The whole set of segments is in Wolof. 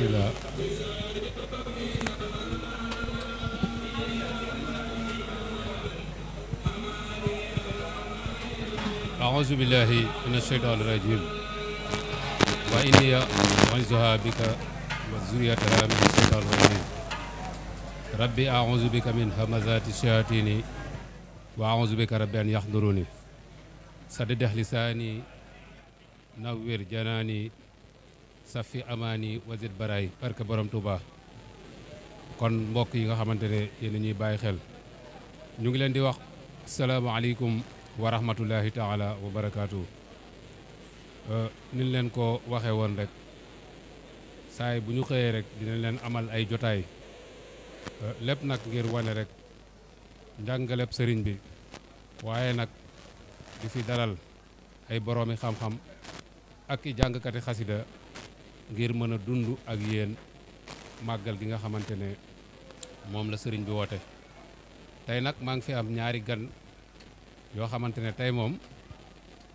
إلى أعوذ بالله من الشيطان الرجيم وإني أعوذها بك وذريتها من الشيطان الرجيم ربي أعوذ بك من همزات الشياطين وأعوذ بك ربي أن يحضروني سدد لساني نور جناني safi Amani wazir baray barke borom Touba kon mbok yi nga xamantene ne yéen ñuy xel ñu ngi leen di wax alaykum wa rahmatullahi taala wa euh ñu leen ko waxe won rek say bu ñu rek dinañ leen amal ay euh lepp nak ngir wone rek njàngaleb serigne bi waye nak di fi dalal ay boromi xam-xam ak i ngir mën a dund ak yéen màggal gi nga xamante ne moom la sëriñ bi woote tey nag maa ngi fi am ñaari gan yoo xamante ne tey moom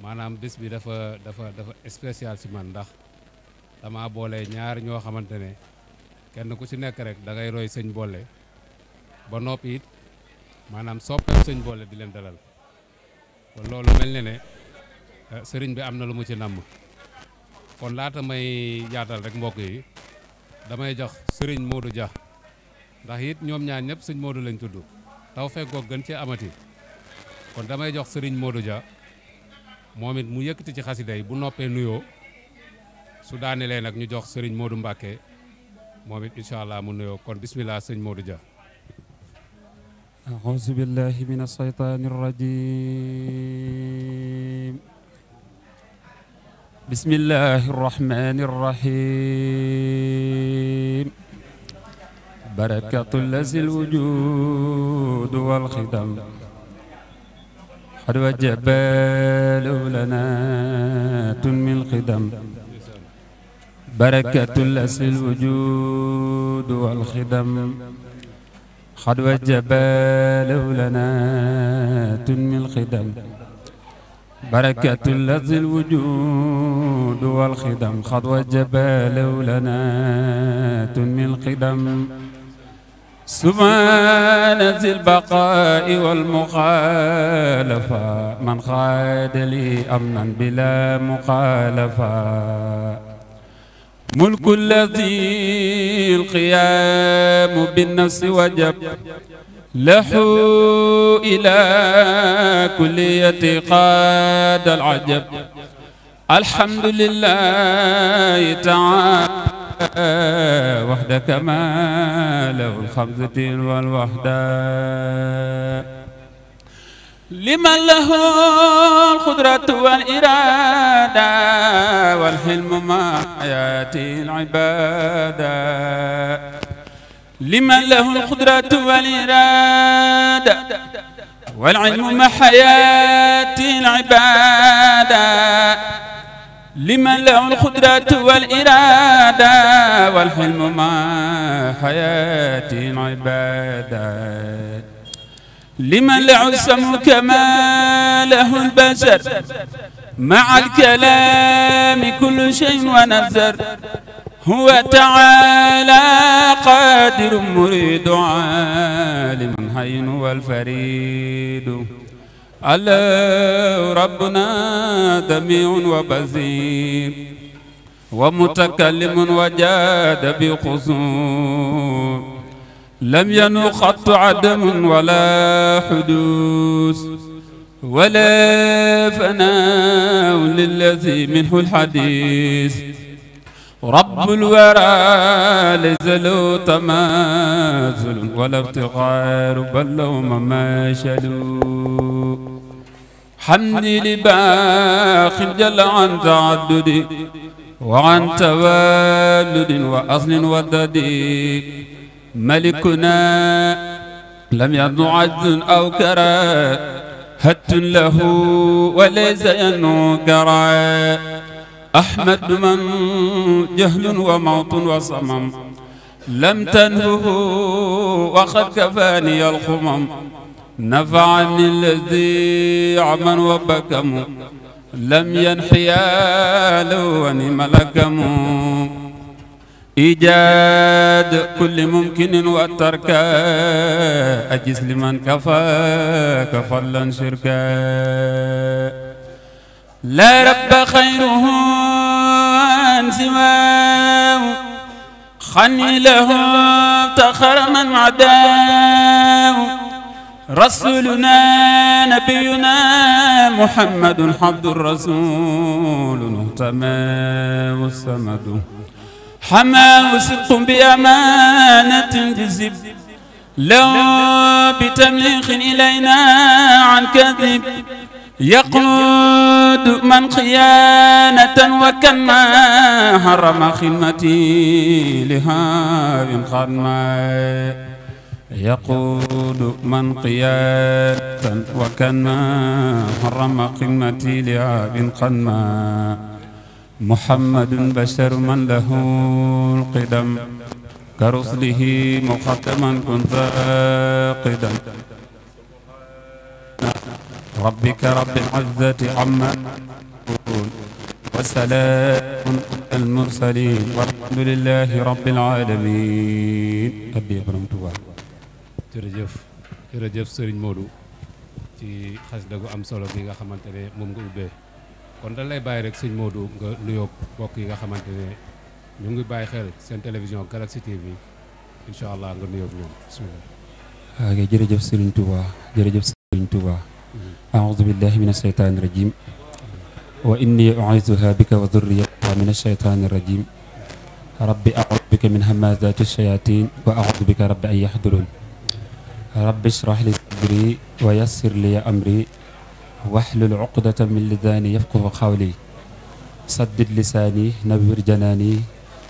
maanaam bés bi dafa dafa dafa spécial si man ndax dama boole ñaar ñoo xamante ne kenn ku ci nekk rek da ngay roy sëñ boole ba noppiit maanaam soppal sëñ boole di leen dalal kon loolu mel ne ne eh, sëriñ bi am na lu mu ci namm kon laata may yaatal rek mbokk yi damay jox sëriñ Modou Dia ndax it ñoom ñaar ñëpp sëñ Modou lañ tudd taw fekkoo gën cee amati kon damay jox sëriñ Modou Dia moom it mu yëkkati ci xasida yi bu noppee nuyoo su daanelee nag ñu jox sëriñ Modou Mbacke moom it incha allah mu nuyoo kon bismillah sëñ Modou Dia. أعوذ بسم الله الرحمن الرحيم بركة الذي الوجود والخدم حد وجبال لنات من خدم بركة الذي الوجود والخدم حد وجبال لنات من خدم بركة اللذ الوجود والخدم خطوة جبال ولنا تنمي القدم سبحان ذي البقاء والمخالفة من خاد لي أمنا بلا مخالفة ملك الذي القيام بالنفس وجب لحوا إلى كلية قاد العجب الحمد لله تعالى وحد كما له الخمسة والوحدة لمن له القدرة والإرادة والحلم مع يأتي العبادة لمن له القدرة والإرادة والعلم مع حياة العبادة لمن له القدرة والإرادة والحلم مع حياة العبادة لمن له السمع كما له البشر مع الكلام كل شيء ونذر هو تعالى قادر مريد عالم حين والفريد الله ربنا دميع وبزير ومتكلم وجاد بقصور لم ينو عدم ولا حدوث ولا فناء للذي منه الحديث رب الورى لزلو تمازل ولا ابتغار بل هم ما حمدي لباخ جل عن تعدد وعن توالد وأصل ودد ملكنا لم يضن عز أو كرى هت له وليس ينكرى أحمد من جهل وموت وصمم لم تنهه وقد كفاني الخمم نفعني الذي عمن وبكم لم ينحيا لوني ملكم إيجاد كل ممكن والترك أجز لمن كفى كفلا شركا لا رب خيره سواه خني له افتخر من عداه رسولنا نبينا محمد عبد الرسول مهتمى الصمد حما وسق بأمانة جزب لو بتمليخ إلينا عن كذب يقود من خيانة وكما حرم خدمتي لها من خدمة يقود من قيادة وكان ما حرم قمتي لعاب قنما محمد بشر من له القدم كرسله مقدما كنت قدم ربك رب العزة عما يقول وسلام المرسلين والحمد لله رب العالمين أبي أبرم توا ترجف ترجف سرين مولو تي خاص دغو ام سولو بيغا خامتاني موم غو اوبي كون دا لاي باي رك نيوك بوك ييغا خامتاني نيغي باي خيل سين تيليفزيون غالاكسي تي في ان شاء الله غا نيوك نيوم بسم الله اغي آه، جيرجف سيرين توبا جيرجف سيرين توبا أعوذ بالله من الشيطان الرجيم وإني أعيذها بك وذريتها من الشيطان الرجيم ربي أعوذ بك من همازات الشياطين وأعوذ بك رب أن يحضرون رب اشرح لي صدري ويسر لي أمري واحلل عقدة من لساني يفقه قولي سدد لساني نبر جناني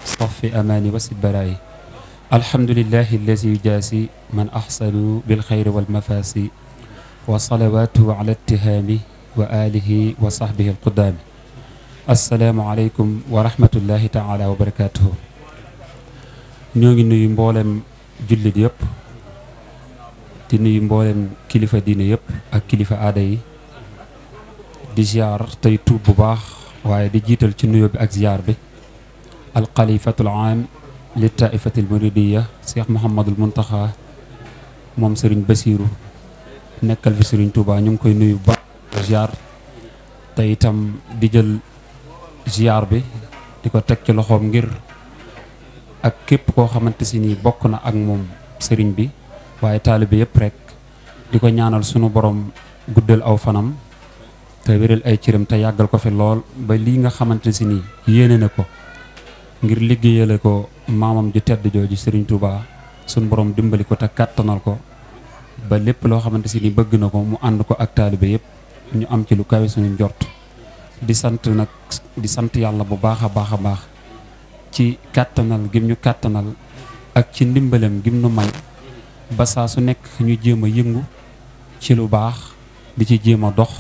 صف أماني وسد برائي الحمد لله الذي يجاسي من أحسن بالخير والمفاسي وصلواته على اتهامه وآله وصحبه القدام السلام عليكم ورحمة الله تعالى وبركاته نيوغي نوي مبولم جلد يب تي نوي مبولم كليفة دين يب أكليفة آدهي دي زيار تي توب بباخ وآي دي جيتل تي بأك زيار بي القليفة العام للتائفة المريدية سيخ محمد المنطقة مام بسيرو nekkal fi sëriñ Touba ñu ngi koy nuyu ba ziar te itam di jël ziar bi di ko teg ci loxoom ngir ak képp koo xamante si nii bokk na ak moom sëriñ bi waaye taalibe yëpp rek di ko ñaanal sunu boroom guddal aw fanam te wéral ay cëram te yàggal ko fi lool ba lii nga xamante si nii yéene na ko ngir liggéeyale ko maamam ju tedd jooju Serigne Touba sunu borom dimbali ko te kàttanal ko. ba lepp lo xamanteni ni bëgg na mu and ko ak taalibe yëpp ñu am ci lu kawé suñu njort di sante nak di sante yalla bu baaxa baaxa baax ci katanal gim ñu katanal ak ci ndimbalem gim ñu may ba sa su nek ñu jema ci lu baax di ci jema dox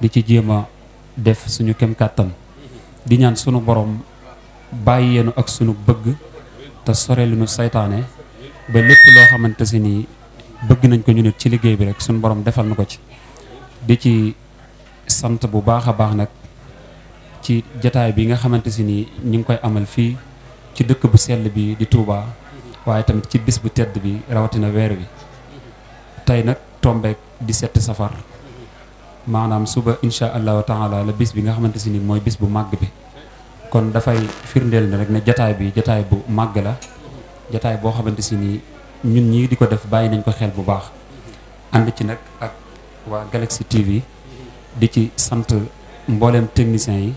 di ci jema def suñu kem katan di ñaan sunu borom bàyyeenu ak sunu bëgg ta sore nu saytaane ba lepp lo xamanteni bëgg nañ ko ñu nit ci liggéey bi rek suñu borom defal na ko ci di ci sant bu baax a baax nag ci jataay bi nga xamante si nii ñu ngi koy amal fii ci dëkk bu sell bi di Touba waaye tamit ci bis bu tedd bi rawatina weer wi tey nag tombeek 17 safar maanaam suba insha allahu taala la bis bi nga xamante si nii mooy bis bu màgg bi kon dafay firndeel na rek ne jataay bi jataay bu màgg la jataay boo xamante si ni ñun ñii di ko def bàyyi nañ ko xel bu baax ànd ci nag ak waa Galaxy TV di ci sant mbooleem techniciens yi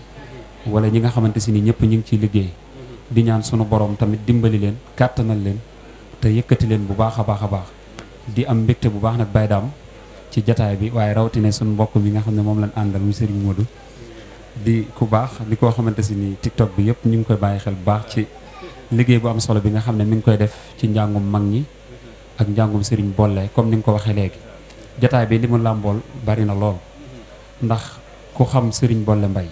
wala ñi nga xamante si nii ñëpp ñu ngi ciy liggéey di ñaan sunu borom tamit dimbali leen kàttanal leen te yëkkati leen bu baax a baax a baax di am mbégte bu baax nag Baye Dame ci jataay bi waaye rawatina sunu mbokk mi nga xam ne moom lañ àndal muy mu Modou di ku baax di koo xamante si ni TikTok bi yëpp ñu ngi koy bàyyi xel bu baax ci liggéey bu am solo bi nga xam ne mi ngi koy def ci njàngum mag ñi ak njàngum sëriñ boole comme ni nga ko waxee léegi jataay bi li mu làmbool bari na lool ndax ku xam sëriñ boole mbay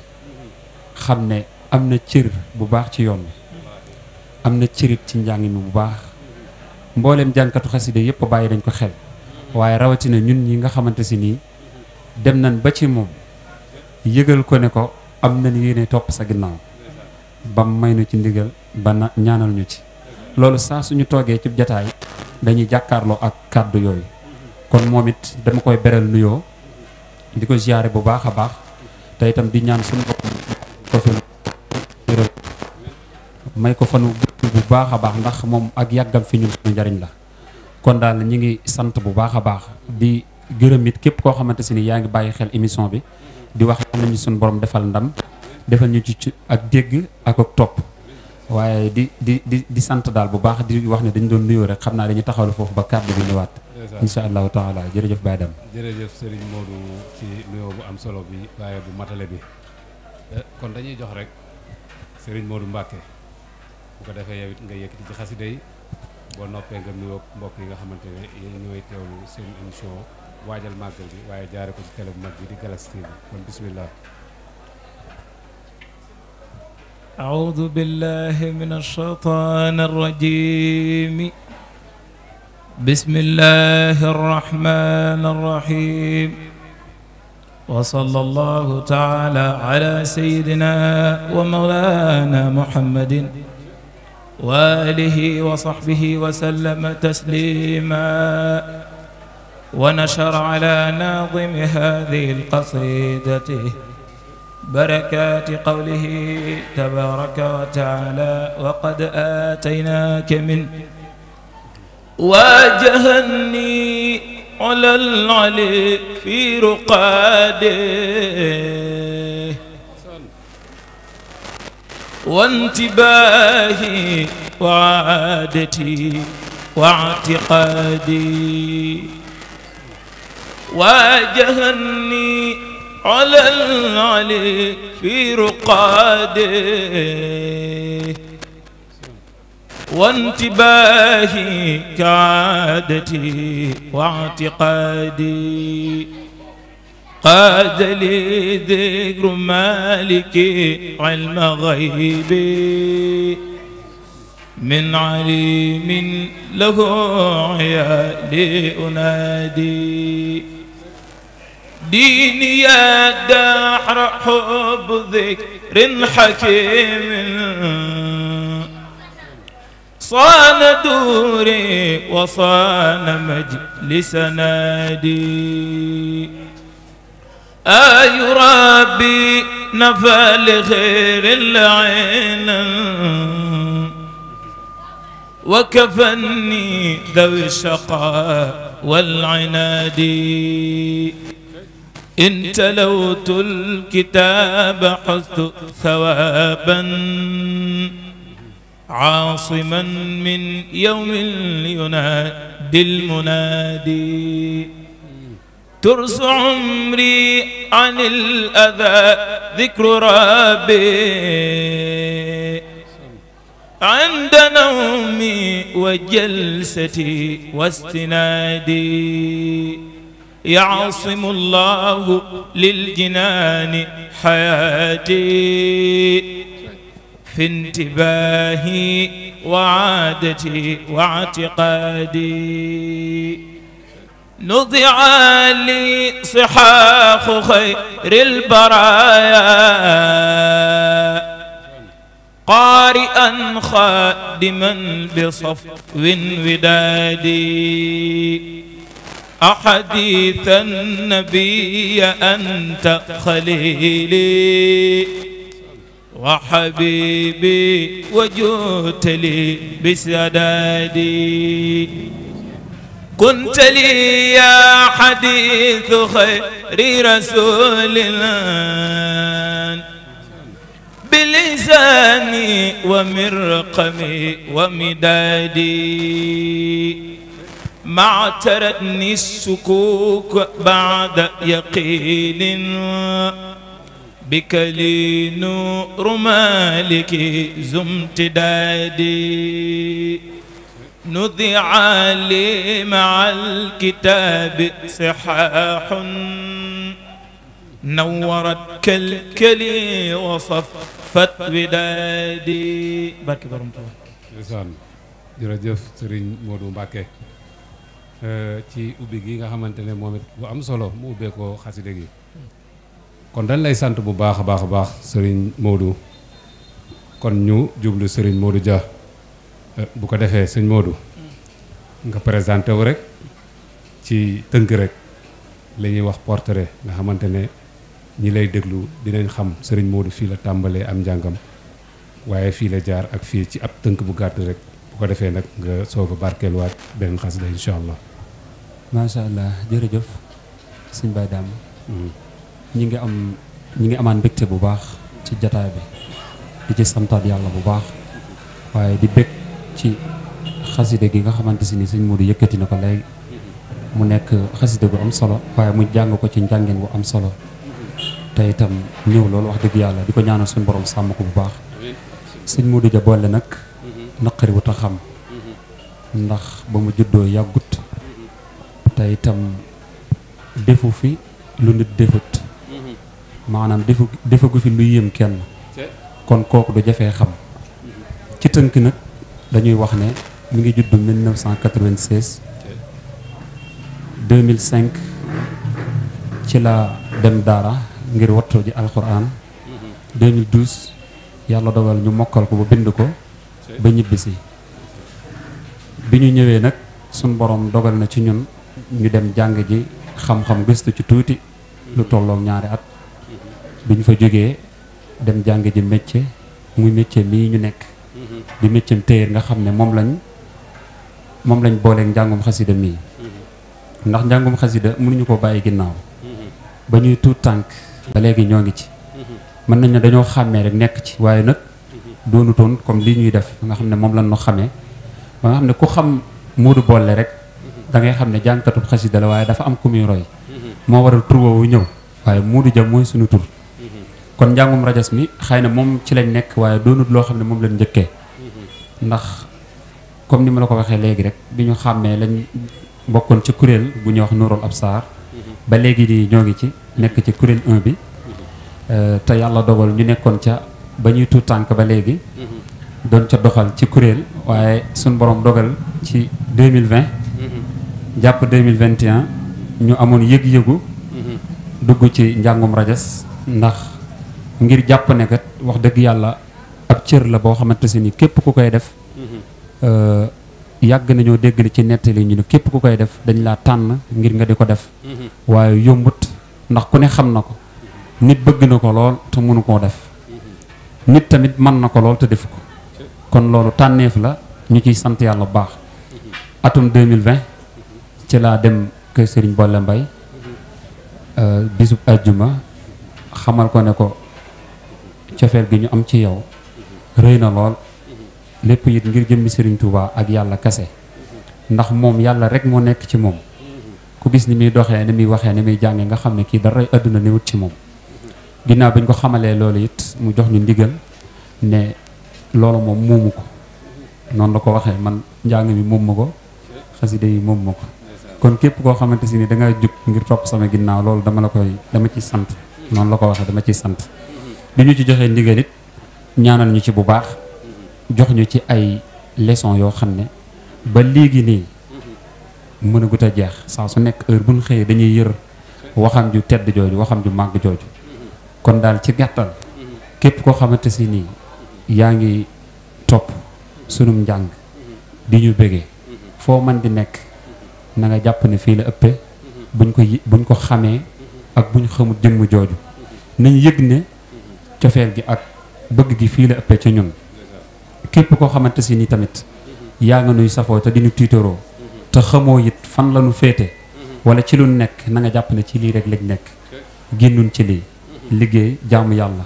xam ne am na cër bu baax ci yoon bi am na cërit ci njàngim bu baax mboolem jànkatu xasida yëpp bàyyi dañ ko xel waaye rawatina ñun ñi nga xamante si nii dem nañ ba ci moom yëgal ko ne ko am na yéene topp sa ginnaaw ba may nu ci ndigal ba ñaanal ñu ci loolu saa suñu toogee ci jataay dañuy jakarlo ak kaddu yoy kon momit dama koy beral nuyo diko ziaré bu baakha baax tay itam di ñaan sun bokk ko fi may ko fanu bu baakha baax ndax mom ak yagam fi ñu suñu la kon daal ñi ngi sante bu baakha baax di gëreem nit kep ko xamanteni si ni yaa ngi xel émission bi di wax nañu sun borom defal ndam defal ñu ci ak dégg ak ak top waaye di di di di sant daal bu baax di wax ne dañu doon nuyoo rek xam naa dañu taxawlu foofu ba kàddu bi ñëwaat. incha allahu taala jërëjëf Baye Dame. jërëjëf sëriñ Modou ci nuyoo bu am solo bi waaye bu matale bi eh, kon dañuy jox rek sëriñ Modou Mbacke bu ko defee yow it nga yëkkati ci xasida yi boo noppee nga nuyoo mbokk yi nga xamante ne yéen ñooy teewlu seen émission waajal màggal bi waaye jaare ko ci télé bu mag bi di Galas TV kon bisimilah. أعوذ بالله من الشيطان الرجيم بسم الله الرحمن الرحيم وصلى الله تعالى على سيدنا ومولانا محمد وآله وصحبه وسلم تسليما ونشر على ناظم هذه القصيدة بركات قوله تبارك وتعالى وقد آتيناك من واجهني على العلي في رقاده وانتباهي وعادتي واعتقادي واجهني على العلي في رقاده وانتباهي كعادتي واعتقادي قاد لي ذكر مالك علم غيبي من عليم له عيالي أنادي ديني يا دحر حب ذكر حكيم صان دوري وصان مجلس نادي آي ربي نفى لخير العين وكفني ذوي الشقاء والعناد إن تلوت الكتاب حثت ثوابا عاصما من يوم ينادي المنادي ترس عمري عن الأذى ذكر ربي عند نومي وجلستي واستنادي يعصم الله للجنان حياتي في انتباهي وعادتي واعتقادي نضع لي صحاح خير البرايا قارئا خادما بصفو ودادي أحاديث النبي أنت خليلي وحبيبي وجوت لي بسدادي كنت لي يا حديث خير رسول الله بلساني ومرقمي ومدادي ما اعترتني السكوك بعد يقين بك لي نور مالك ذو امتدادي نذع لي مع الكتاب صحاح نورت كالكلي وصفت ودادي بارك بارك جزاك جرجف سرين مودو مباكي Euh, ci ubbi gi nga xamante ne moom it bu am solo mu ubbee ko xaside gi kon dañ lay sant bu baax a baax a baax sëriñ Modou kon ñu jublu sëriñ Modou Dia euh, bu ko defee sëñ Modou nga présenté wu rek ci tënk rek la ñuy wax portrait nga xamante ne ñi lay déglu dinañ xam sëriñ Modou fii la tàmbalee am njàngam waaye fii la jaar ak fii ci ab tënk bu gàtt rek bu ko defee nag nga soog a barkeeluwaat beneen xasida incha allah. macha allah jërëjëf seigne Baye badam, ñi hmm. nga am ñi nga amane mbégte bu baax ci jotaay bi di ci santaat yalla bu baax waye di bek ci xaside gi nga xamanteni seigne Modou yëkkati nako lay mu nekk xaside gu am solo waye mu jang ko ci jangene bu am solo tay itam ñew lool wax deug yalla di konya ñaanal suñu borom sam ko bu baax seigne Modou ja boole nak mhm. naqari wu ta xam mhm. ndax ba mu juddoo yagut te itam defu fi lu nit defut mhm. maanaam defu defagu fi lu yéem kenn kon kooku du jafee xam mhm. ci tënk nag dañuy wax ne mu ngi judd 1996 2005 ci la dem daara ngir wattu ji alxuraan 2012 mhm. yàlla dogal ñu mokkal ko ba bind ko ba ñibbisi bi ñu ñëwee nag suñ borom dogal na ci ñun ñu dem jàng ji xam-xam gëstu ci tuuti lu tolloog ñaari at biñ fa jógee dem jàng ji métier muy métier mii ñu nekk di métier téyër nga xam ne moom lañ moom lañ booleeg njàngum xasida mii ndax njàngum xasida mënuñu ko bàyyi ginnaaw ba ñuy tuut tànk ba léegi ñoo ngi ci mën nañ ne dañoo xàmmee rek nekk ci waaye nag doonutoon comme lii ñuy def nga xam ne moom lañ no xamee ba nga xam ne ku xam Modou Bollé rek da ngay xam ne jàngkatub xasida la waaye dafa am ku muy roy moo waral tur woowu ñëw waaye Modou jam mooy suñu tur kon njàngum rajas mi xëy na moom ci lañ nekk waaye doonut loo xam ne moom lañ njëkkee ndax comme ni ma la ko waxee léegi rek bi ñu xàmmee lañ bokkoon ca kuréel bu ñuy wax Nuurul Absaar ba léegi nii ñoo ngi ci nekk ci kuréel 1 bi te yàlla dogal ñu nekkoon ca ba ñuy tuut tànk ba léegi doon ca doxal ci kuréel waaye suñ borom dogal ci 2020 jàpp mille 2021 ñu amoon yëg-yëgu mhm. dugg ci njàngum rajes ndax ngir jàpp ne wax dëgg yàlla ab cër la boo xamante si ni képp ku koy def mhm. euh, yàgg nañoo dégg ni ci nettali ñu ne képp ku koy def dañ laa tànn ngir nga di ko def mhm. waaye yombut ndax ku ne xam na ko nit bëgg na ko lool te mënu koo def nit tamit mën na ko lool te def ko kon loolu tànneef la ñu ciy sant yàlla bu baax atum 2020 ci laa dem kër Serigne Bolle Mbaye euh, bisub ajjuma xamal ko ne ko cofeel gi ñu am ci yow rëy na lool lépp yit ngir jëmmi sëriñ Touba ak yàlla kase ndax moom yàlla rek moo nekk ci moom ku gis ni muy doxee ni muy waxee ni muy jàngee nga xam ne kii dara àdduna ni ci moom ginnaaw bi ñu ko xamalee loolu it mu jox ñu ndigal ne loolu moom moomu ko noonu la ko waxee man njàng mi moom ma ko xasida yi moom ma ko kon képp koo xamante si nii da ngaa jug ngir topp sama ginnaaw loolu dama la koy dama ci sant noonu la ko waxee dama ciy sant bi ñu ci joxee ndigal it ñaanal ñu ci bu baax jox ñu ci ay leçon yoo xam ne ba léegi nii mën a gut a jeex saa su nekk heure buñ xëyee dañuy yër waxam ju tedd jooju waxam ju màgg jooju kon daal ci gàttal képp koo xamante si nii yaa ngi topp sunum njàng di ñu bëggee foo man di nekk na nga jàpp ne fii la ëppee buñ ko buñ ko xamee ak buñ xamul jëmm jooju nañ yëg ne cofeel gi ak bëgg gi fii la ëppee ci ñun képp koo xamante si ni tamit yaa nga nuy safoo te di ñu tiitaroo te xamoo it fan la ñu féete wala ci lu nekk na nga jàpp ne ci lii rek lañ nekk génnuñ ci lii liggéey jaamu yàlla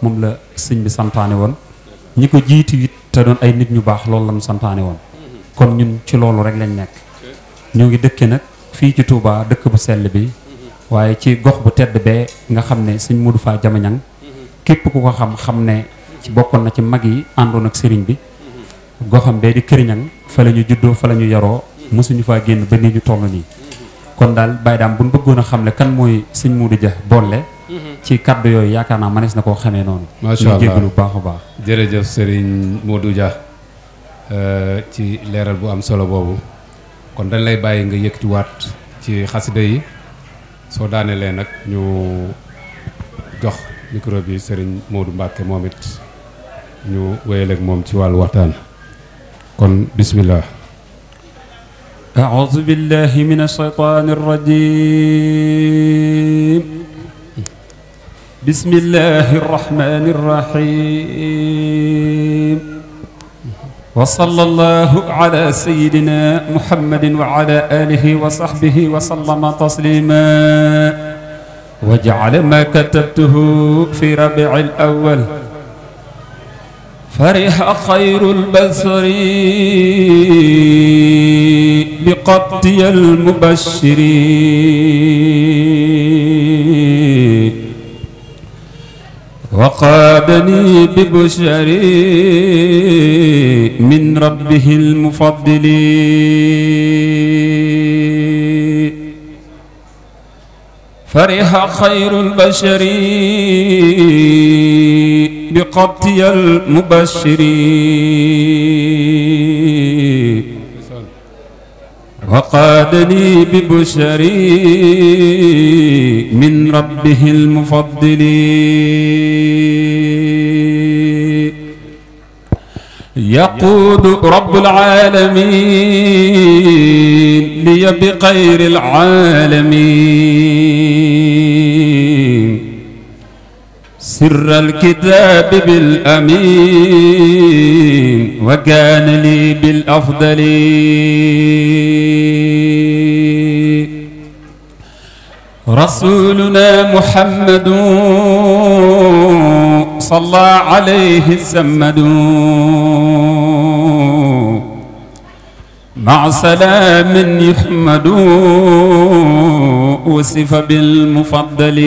moom la sëñ bi santaane woon ñi ko jiitu it te doon ay nit ñu baax loolu la ñu santaane woon kon ñun ci loolu rek lañ nekk ñoo ngi dëkkee nag fii ci Touba dëkk bu sell bi waaye ci gox bu tedd bee nga xam ne sëñ Modou Faa Jamañang képp ku ko xam xam ne ci bokkoon na ci mag yi àndoon ak sëriñ bi goxam bee di këriñang fa la ñu juddoo fa la ñu yaroo mësuñu faa génn ba nii ñu toll nii kon daal bàyyi bu ñu bëggoon a xam ne kan mooy sëñ Modou ja boole ci kàddu yooyu yaakaar naa manees na koo xamee noonu macha allah ñu jégalu bu baax baax jërëjëf sëriñ Modou ja ci leeral bu am solo boobu kon dañ lay bàyyi nga yëkkatiwaat ci xasida yi soo daanelee nag ñu jox micro bi Serigne Modou Mbacke moom it ñu wéyal ak moom ci wàllu waxtaan kon bismillah أعوذ بالله وصلى الله على سيدنا محمد وعلى آله وصحبه وسلم تسليما واجعل ما كتبته في ربيع الأول فرح خير البصر بقبضي المبشرين وقابني ببشري من ربه المفضل فرح خير البشر بقبطي المبشرين وقادني ببشري من ربه المفضل يقود رب العالمين لي بخير العالمين سر الكتاب بالأمين وكان لي بالأفضل رسولنا محمد صلى عليه السمدون مع سلام يحمد وصف بالمفضل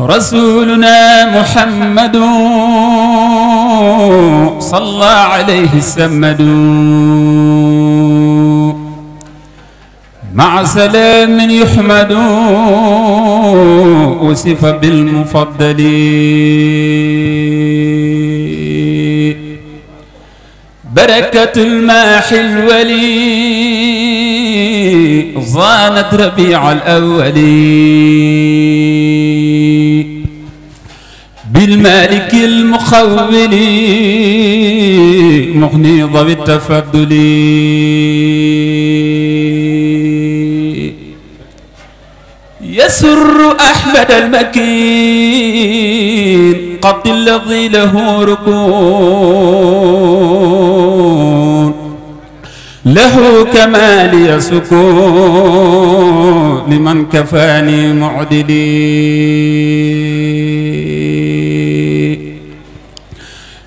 رسولنا محمد صلى عليه السمد مع سلام يحمد وصف بالمفضل بركة الماحي الولي ظانت ربيع الأول بالمالك المخول مغني ضب التفضل يسر أحمد المكين قد الذي له ركون له كمالي سكون لمن كفاني معدلي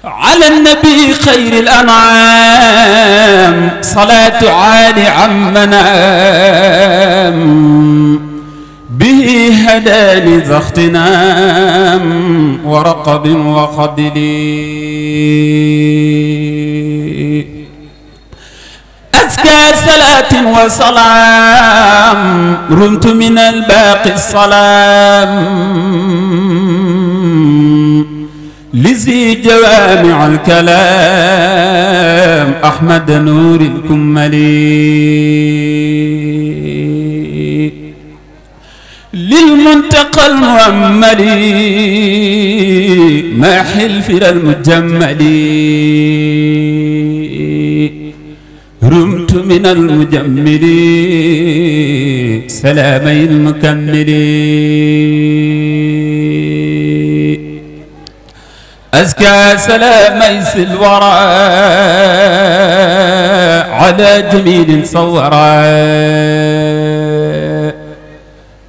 على النبي خير الأنعام صلاة عالي عمنام به هداني ذا اغتنام ورقب وخدلي كسلاة صلاة وسلام رمت من الباقي السلام لزي جوامع الكلام أحمد نور الكملي للمنتقى المؤملي ما حلف المجملي من المجملين سلامي المكملين أزكى سلامي سلورا على جميل صورا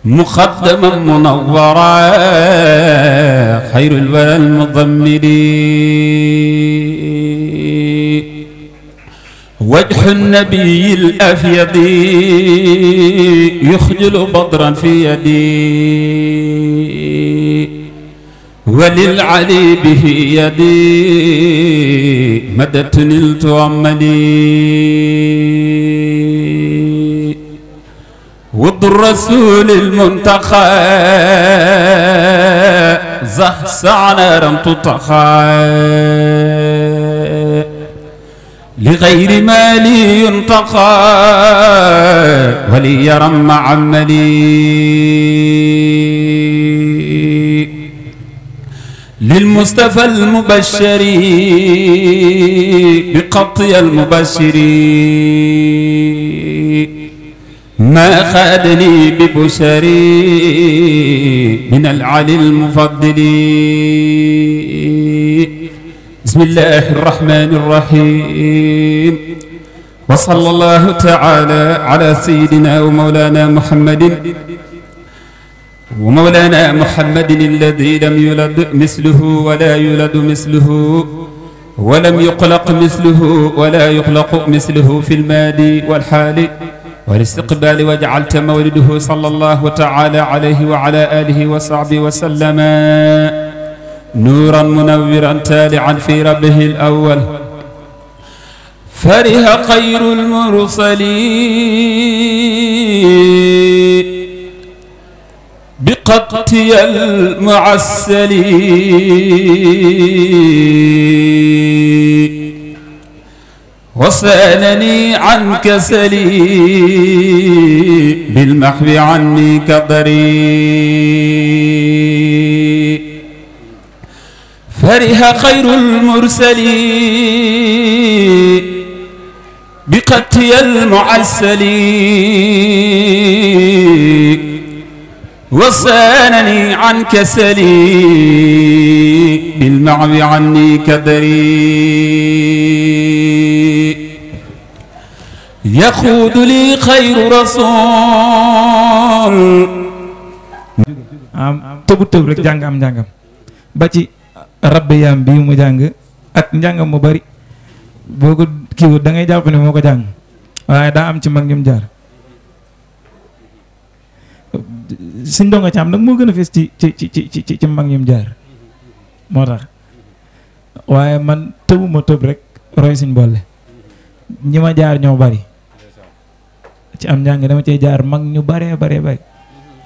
مخدما منورا خير الولى المضمرين وجه النبي الأفيض يخجل بدرا في يدي وللعلي به يدي مدت نلت عملي ود الرسول المنتخى زه سعنا نارا تطخى لغير مالي ينتقى وليرم عملي للمصطفى المبشر بقطي المبشر ما خادني ببشري من العلي المفضل بسم الله الرحمن الرحيم وصلى الله تعالى على سيدنا ومولانا محمد ومولانا محمد الذي لم يلد مثله ولا يولد مثله ولم يقلق مثله ولا يقلق مثله في المادي والحال والاستقبال وجعلت مولده صلى الله تعالى عليه وعلى آله وصحبه وسلم نورا منورا تالعا في ربه الأول فرها خير المرسلين بقطي المعسلين وسألني عن كسلي بالمحو عني كضريب مطهرها خير المرسلين بقتي المعسلين وصانني عن كسلي بالمعب عني كدري يخود لي خير رسول am tebu tebu rek jangam jangam rabbi yaam bii mu jàng ak njàngam mu bari boo ko kiiwut da ngay jàpp ne moo ko jàng waaye daa am ci mag ñum jaar suñ donga ci moo gën a fees ci ci ci ci ci mag ñum jaar moo tax waaye man tëbuma tëb rek roy suñ boole ñi ma jaar ñoo bari ci am njàng dama cee jaar mag ñu baree baree bari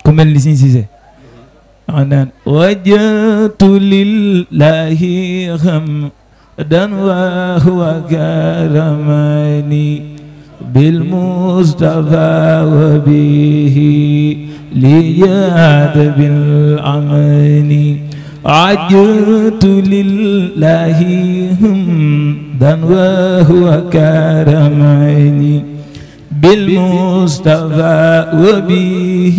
ku mel ni siñ siise عنان وجدت لله دن وهو كرمني بالمصطفى وبه ليجاد بالأمن عجلت لله دن وهو كرمني بالمصطفى وبه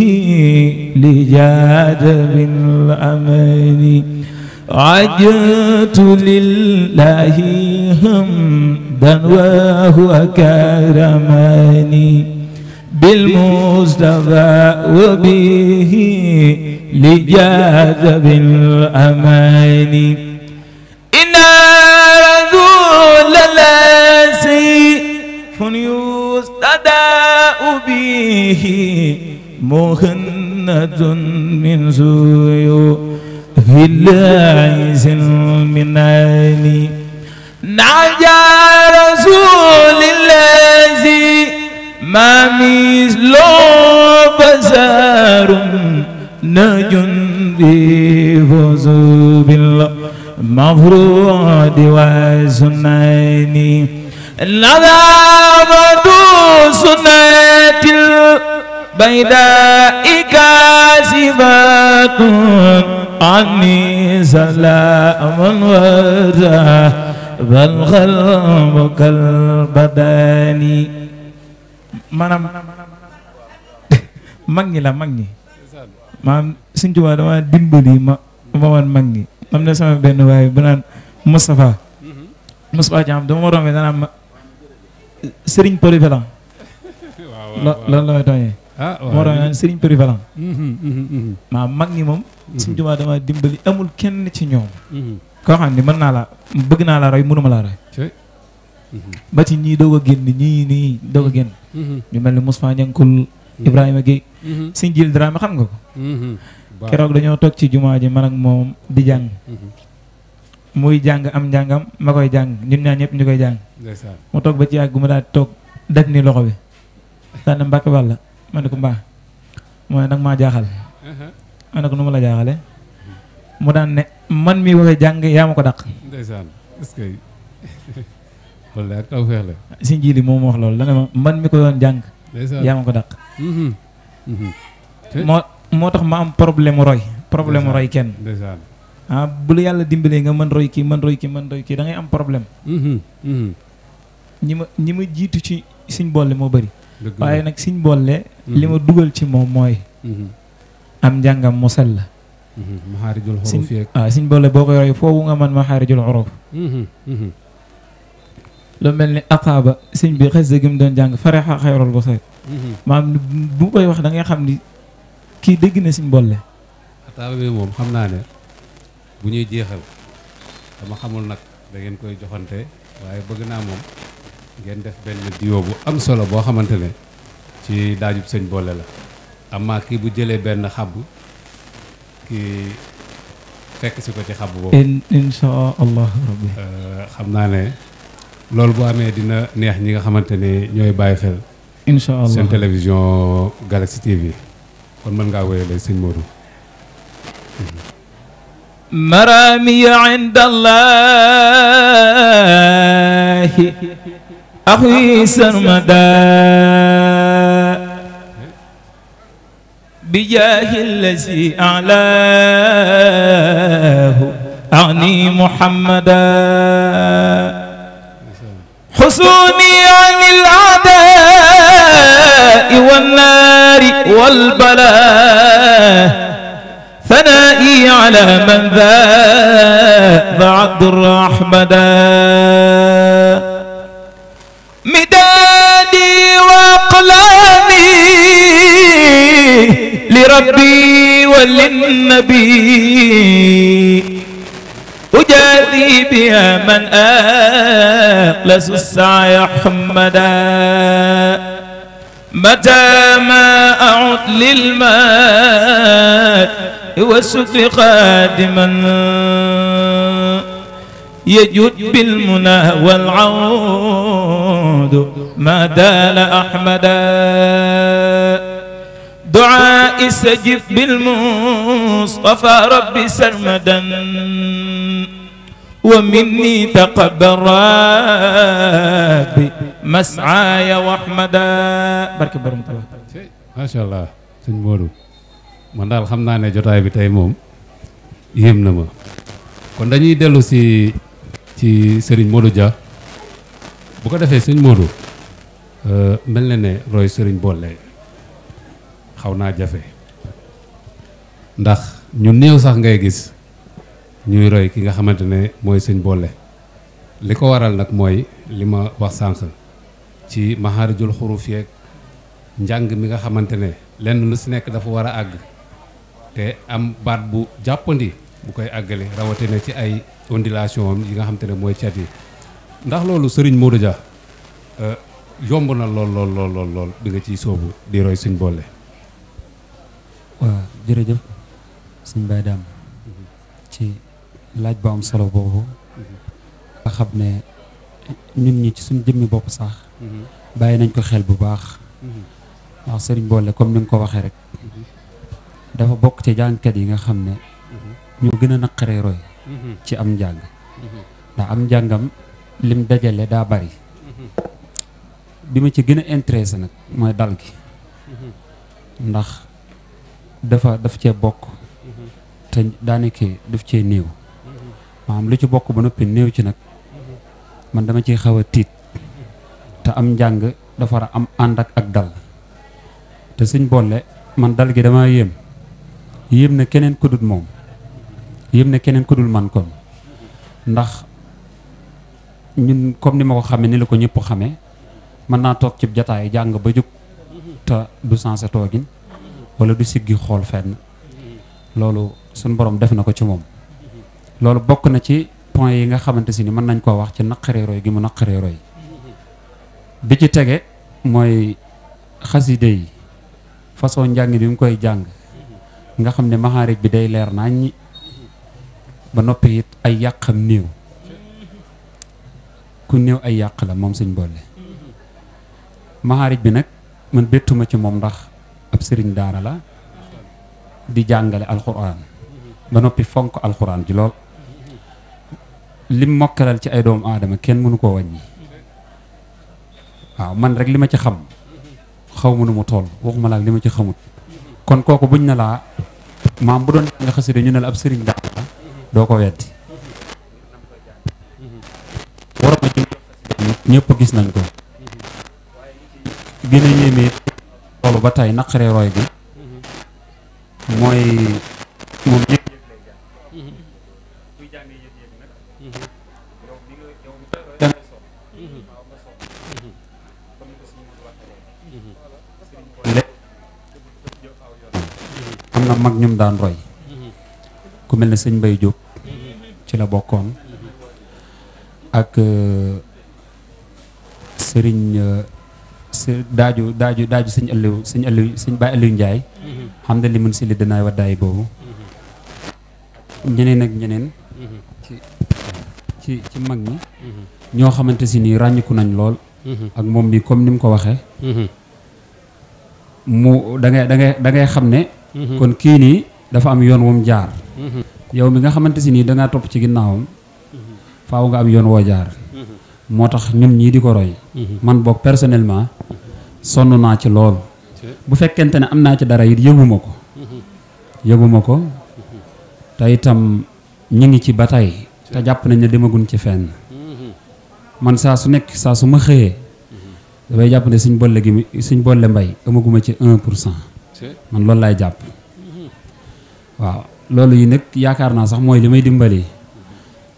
لجاد بالأمان عجت لله حمدا وهو كرماني بالمصطفى وبه لجاد بالأمان إن رسول الله سيف يستداء به مهند من سوء في العز من علي نجا رسول الذي ما مثله بزار نجندي فوزو بالله مفروض وسنيني نظامة سنة البيداء كاسبات عني سلام وزا بل غلبك البداني maanaam mag ñi la mag ñi maanaam Sëñ Tuubaa dama dimbali ma ma wan mag ñi am na sama benn waaye bu naan Moustapha Moustapha Thiam dama ma rombee dana sëriñ polyvalent. waaw waaw lan la may tooñee. Ah, moo tax naan sëriñ polyvalent. Mm-hmm, mm-hmm, mm-hmm. maa mag ñi moom. suñ tubaab dama dimbali amul kenn ci ñoom. koo xam ne mën naa la bëgg naa la roy mënuma laa roy. ba ci ñii doog a génn ñii nii doog a génn. ñu mel ni Moussa Ñankul Ibrahima Guèye. sëñ Jil Dramé xam nga ko. keroog dañoo toog ci jumaa ji man ak moom di jàng. muy jangga am jangam ma jang jàng ñun ñaa ñëpp ñu koy mu tok ba ci yag mu da tok daj ni loxo bi tan mbak walla man ma ko mbaa mu nak ma maa jaaxal uh-huh. ma ne ko nu ma la jaxale mu dan ne man mi waxe jang ya ma dak ndaysan eskay wala ak taw la wax lol dana man mi ko doon jàng yaa ma ko dàq mm-hmm. Mm-hmm. moo ma am problème roy problème roy ken ndaysan ah bu la yàlla dimbalee nga mën roy kii mën roy kii mën roy kii da ngay am problème. Mm-hmm, mm-hmm. ñi ma ñi ma jiitu ci suñ boole moo bëri. waaye nag suñ boole. Mm-hmm. li ma dugal ci moom mooy. am njàngam mu sell la. maxaarijul xorof yeeg waaw ah, suñ boole boo koy roy foofu nga mën maxaarijul xorof. lu mel ni ataaba sëñ bi xes gi mu doon jàng farexa xayrol ba sooy maam bu koy wax da ngay xam ni kii dégg na suñ boole bu ñuy jeexal dama xamul nag da ngeen koy joxante waaye bëgg naa moom ngeen def benn duo bu am solo boo xamante ne ci daajub sëñ boole la amaa kii bu jëlee benn xàbb kii fekk si ko ci xàbb boobu insha allah rabbi euh, xam naa ne loolu boo amee dina neex ñi nga xamante ne ñooy bàyyi xel incha allah seen télévision Galaxy TV kon mën ngaa wéyale sëñ Modou مرامي عند الله أخي سرمدا بجاه الذي أعلاه أعني محمدا حصوني عن الأعداء والنار والبلاء ثنائي على من ذا عبد الرحمن مدادي وقلامي لربي وللنبي أجادي بها من أخلص السعي حمدا متى ما أعد للمال والصدق قادما يجد بالمنى والعود ما دال أحمدا دعاء سجف بالمصطفى ربي سرمدا ومني تقبل ربي مسعاي واحمدا بارك برمتوا ما شاء الله سنبولو man daal xam naa ne jotaay bi tey moom yéem na ma kon dañuy dellu si ci Serigne Modou ja bu ko defee Serigne Modou euh, mel na ne roy sëriñ boole xaw naa jafe ndax ñu néew sax ngay gis ñuy roy ki nga xamante ne mooy Serigne Bollé li ko waral nag mooy li ma wax sànq ci maxaarijul xuruf yeeg njàng mi nga xamante ne lenn lu si nekk dafa war a àgg te am baat bu jàppandi bu koy àggale rawatina ci ay ondulation yi nga xam ne mooy cat yi ndax loolu sëriñ Modou Dia euh, yomb na lool lool lool lool bi soobu di roy suñ boole. waaw jërëjëf suñ Baye Dame mhm. ci laaj bu am solo boobu nga xam ne ñun ñi ci suñ jëmmi bopp sax mhm. bàyyi nañ ko xel bu baax mhm. ndax sëriñ boole comme ni nga ko waxee rek dafa bokk ci jàngkat yi nga xam ne ñoo gën a naqaree roy mhm. ci am njàng mhm. ndax am njàngam lim dajale daa bari mhm. bi ma ci gën a intéressé nag mooy dal gi ndax dafa daf cee bokk te daanaka daf cee néew am lu ci bokk ba noppi néew ci nag man dama ciy xaw a tiit te am njàng dafa a am ànd ak dal te suñ boole man dal gi dama yéem yéem na keneen ku dul moom yéem na keneen ku man kon ndax ñun comme ni ma ko xamee ni la ko ñëpp xamee mën naa toog ci jataay jàng ba jóg te du sensé toogin wala du siggi xool feet fenn loolu suñ borom def na ko ci moom loolu bokk na ci point yi nga xamante si ni mën nañ koo wax ci naqaree roy gi mu naqaree roy bi ci tegee mooy xaside yi façon njàng bi mu koy jàng nga xam ne maxaarij bi day leer naññ ba noppi it ay yàqam néew ku néew ay yàq la moom sëñ boole maxaarij bi nag man bettuma ci moom ndax ab sëriñ daara la di jàngale alxuraan ba noppi fonk alxuraan ji lool lim mokkalal ci ay doomu aadama kenn mënu koo wàññi waaw man rek li ma ci xam xaw ma nu mu toll waxuma laa li ma ci xamut kon kooku buñ na laa maam bu doon jàng xasida ñu ne la ab sëriñ daara la doo ko wetti war ma ci a gis nañ ko gën a yéeme loolu ba tey naqaree roy bi mooy moom am na mag ñum daan roy ku mel ne sëñ Mbaye Diop ci la bokkoon ak euh, sëriñ euh, si daaju daaju daaju sëñ Aliou sëñ Aliou sëñ Baye xam ne li mun si li dinaay waddaay boobu ñeneen ak ñeneen ci mag ñi ñoo xamante si nii ràññiku nañ lool ak moom bi comme ni mu ko waxe mu da ngay da xam ne Mhm. kon kii nii dafa am yoon wum jaar mhm. yow mi nga xamante si nii dangaa topp ci ginnaawam mhm. faaw nga am yoon woo jaar moo tax ñun ñii di ko roy man boog personnellement sonn naa ci lool bu fekkente ne am naa ci dara it yëguma ko yëguma ko te itam ñi ngi ci ba tey te jàpp nañ ne demagun ci fenn man saa su nekk saa su ma xëyee dafay jàpp ne suñ bolle gi suñ bolle mbay amaguma ci un pour cent man lool lay japp waaw loolu yi nag yaakaar naa sax moy limay dimbali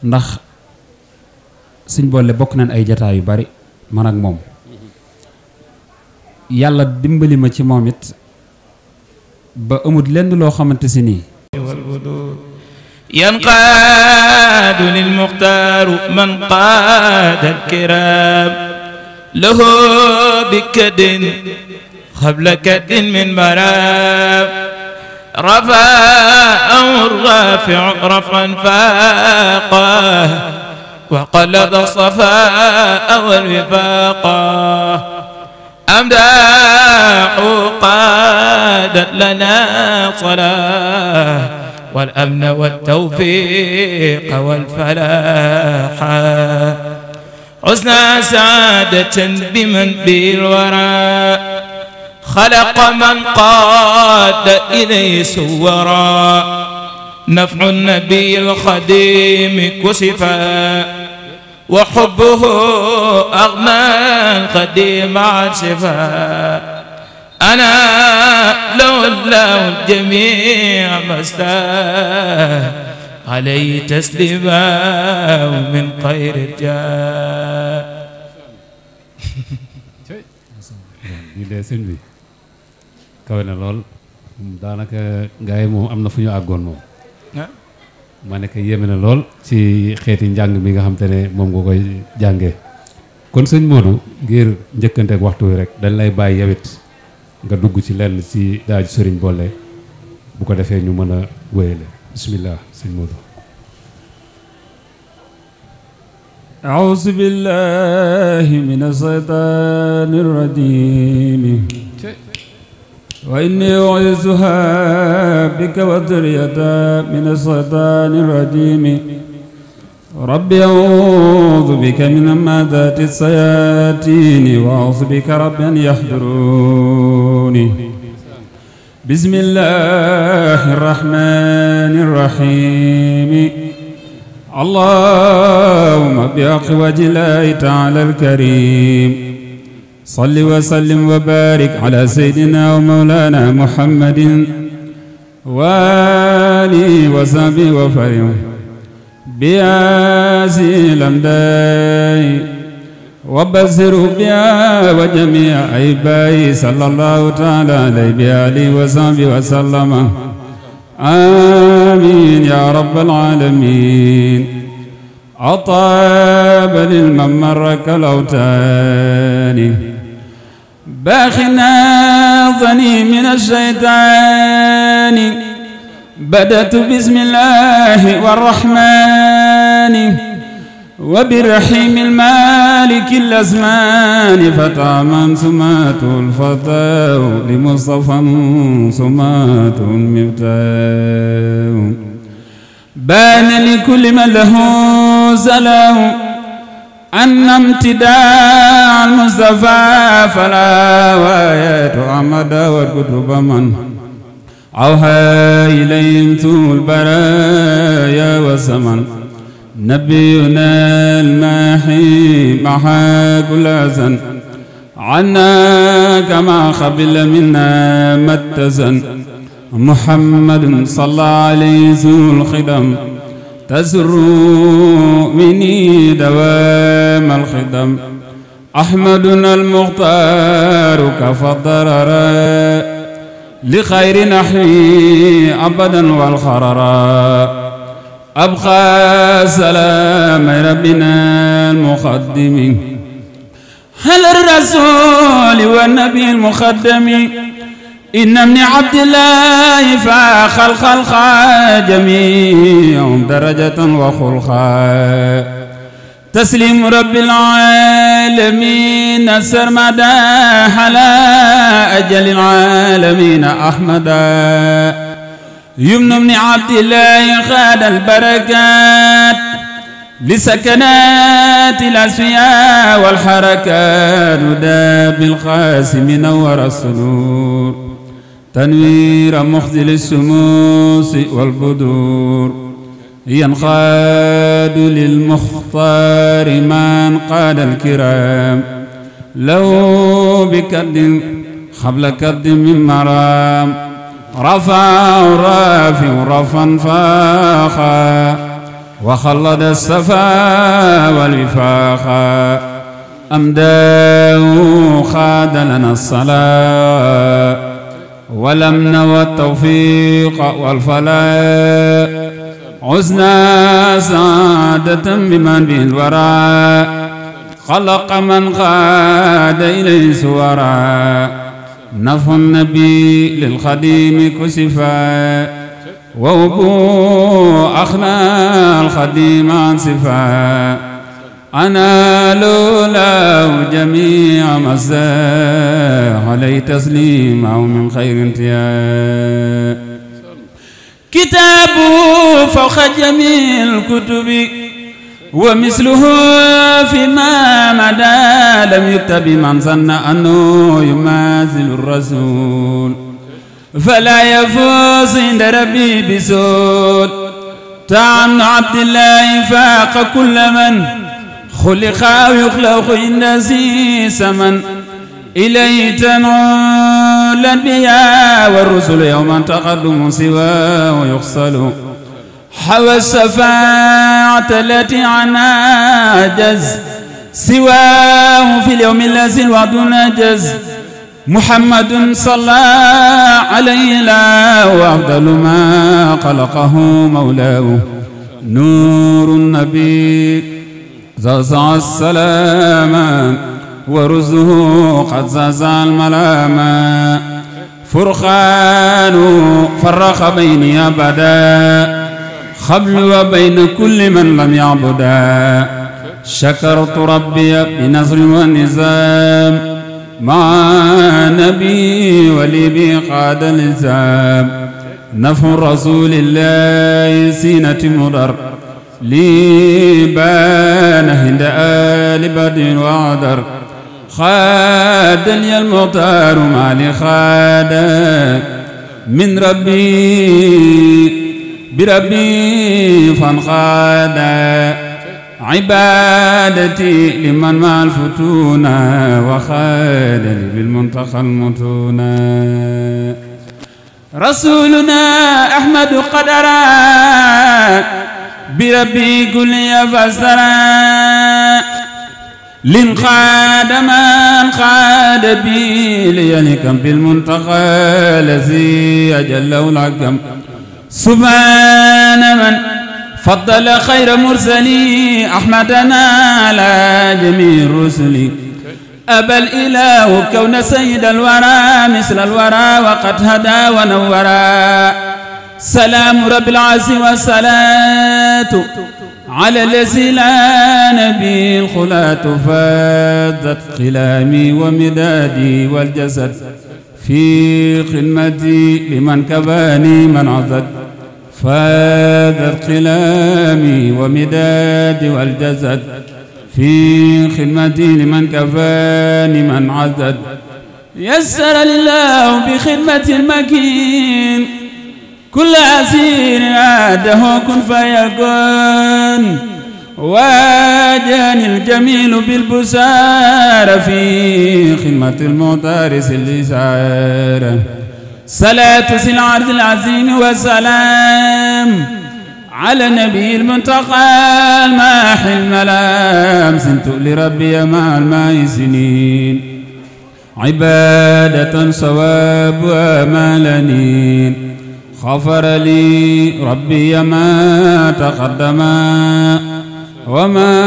ndax suñ boole bok nañ ay jotaay yu bari man ak mom yalla dimbali ma ci momit ba amut lenn lo xamanteni si nii yanqaadu lil muxtaaru man qaada alkiraam قبل كد من براء رفع أو الرافع رفعا فاقا وقلد الصفاء والوفاقا أمداح قاد لنا صلاة والأمن والتوفيق والفلاح حسن سعادة بمن بالوراء خلق من قاد إليه سورا نفع النبي القديم كسفا وحبه أغمى قديم عشفا أنا لولا الجميع مستا علي تسليما من خير جاء kawe na lool daanaka gars moom am na fu ñu àggoon moom ah. ma nekk yéeme na lool ci xeeti njàng mi nga xam ne moom nga koy jànge kon sëñ Modou ngir njëkkanteek waxtu wi rek dañ lay bàyyi yawit nga dugg ci lenn ci daaju sëriñ boole bu ko defee ñu mën a wéyale bismillah sëñ Modou وإني أعزها بك وذريتها من الشيطان الرجيم ربي أعوذ بك من مادات السياتين وأعوذ بك رب أن يحضروني بسم الله الرحمن الرحيم اللهم بأقوى جلائك تعالى الكريم صل وسلم وبارك على سيدنا ومولانا محمد وآله وصحبه وفرم بياسي لمداي وبصروا بها وجميع عيباي صلى الله تعالى عليه بآله وصحبه وسلم آمين يا رب العالمين أطاب للمن مر كالأوتان باخ ناظني من الشيطان بدأت بسم الله والرحمن وبرحيم المالك الأزمان فتعما سمات الفتاة لمصطفى سمات المفتاح بان لكل من له زلاه أن امتداء المصطفى فلا وآيات عمد والكتب من أوحى إليهم ثم البرايا والزمن نبينا الماحي محا كل عنا كما خبل منا متزن محمد صلى عليه ذو الخدم تزر مني دوام الخدم أحمدنا المختار كفضرر لخير نحوي أبدا والخررا أبقى سلام ربنا المقدم هل الرسول والنبي المخدم إن ابن عبد الله فخلق الخلق جميع درجة وخلقا تسليم رب العالمين سرمدا على أجل العالمين أحمدا يمن ابن عبد الله خاد البركات لسكنات الأسفياء والحركات داب بالقاسم نور الصدور تنوير مخزل السموس والبدور ينقاد للمختار من قاد الكرام لو بكد قبل كد من مرام رفع رافع رفا فاخا وخلد السفا والوفاقا أمداه خاد لنا الصلاة ولمن والتوفيق والفلاح عزنا سعادة بمن به الورى خلق من غاد إليه سورا نفع النبي للخديم كسفا وابو أخنا الخديم عن صفا أنا لولا جميع مساء عليه تسليم أو من خير انتهاء كتابه فوق جميع الكتب ومثله فيما مدى لم يكتب من ظن أنه يماثل الرسول فلا يفوز عند ربي بسول تعن عبد الله فاق كل من خلق يخلق النزيس من إليه تنعو الأنبياء والرسل يوم تقدم سواه ويغسل حوى الشفاعة التي عنا جز سواه في اليوم الذي الوعد نجز محمد صلى عليه لا وأفضل ما خلقه مولاه نور النبي زعزع السلامة ورزه قد زعزع الملامة فرخان فرخ بيني أبدا خبل وبين كل من لم يعبدا شكرت ربي بنزل ونزام مع نبي ولي قاد لزام نفع رسول الله سينة مدر ليبان هند آل برد وعذر خاد لي المطار ما لخاد من ربي بربي فانخاد عبادتي لمن مع الفتونة وخاد لي بالمنتقى المتونة رسولنا أحمد قدرا بربي قل يا فسرا لن خاد من خاد بي لينكم بالمنتقى الذي اجل العقم سبحان من فضل خير مرسلي أحمدنا على جميع رسلي أبى الإله كون سيد الورى مثل الورى وقد هدى ونورى سلام رب العزيز وسلات على الذي لا نبي الخلات فادت قلامي ومدادي والجسد في خدمتي لمن كباني من عضد فادت قلامي ومدادي والجسد في خدمتي لمن كفاني من عدد يسر الله بخدمة المكين كل عسير عاده كن فيكون واجاني الجميل بالبسار في خدمة المطارس الإشعار صلاة العرض العظيم وسلام على نبي المنتقى الماحي الملام سنت لربي مع الماء سنين عبادة صواب ومالنين غفر لي ربي ما تقدم وما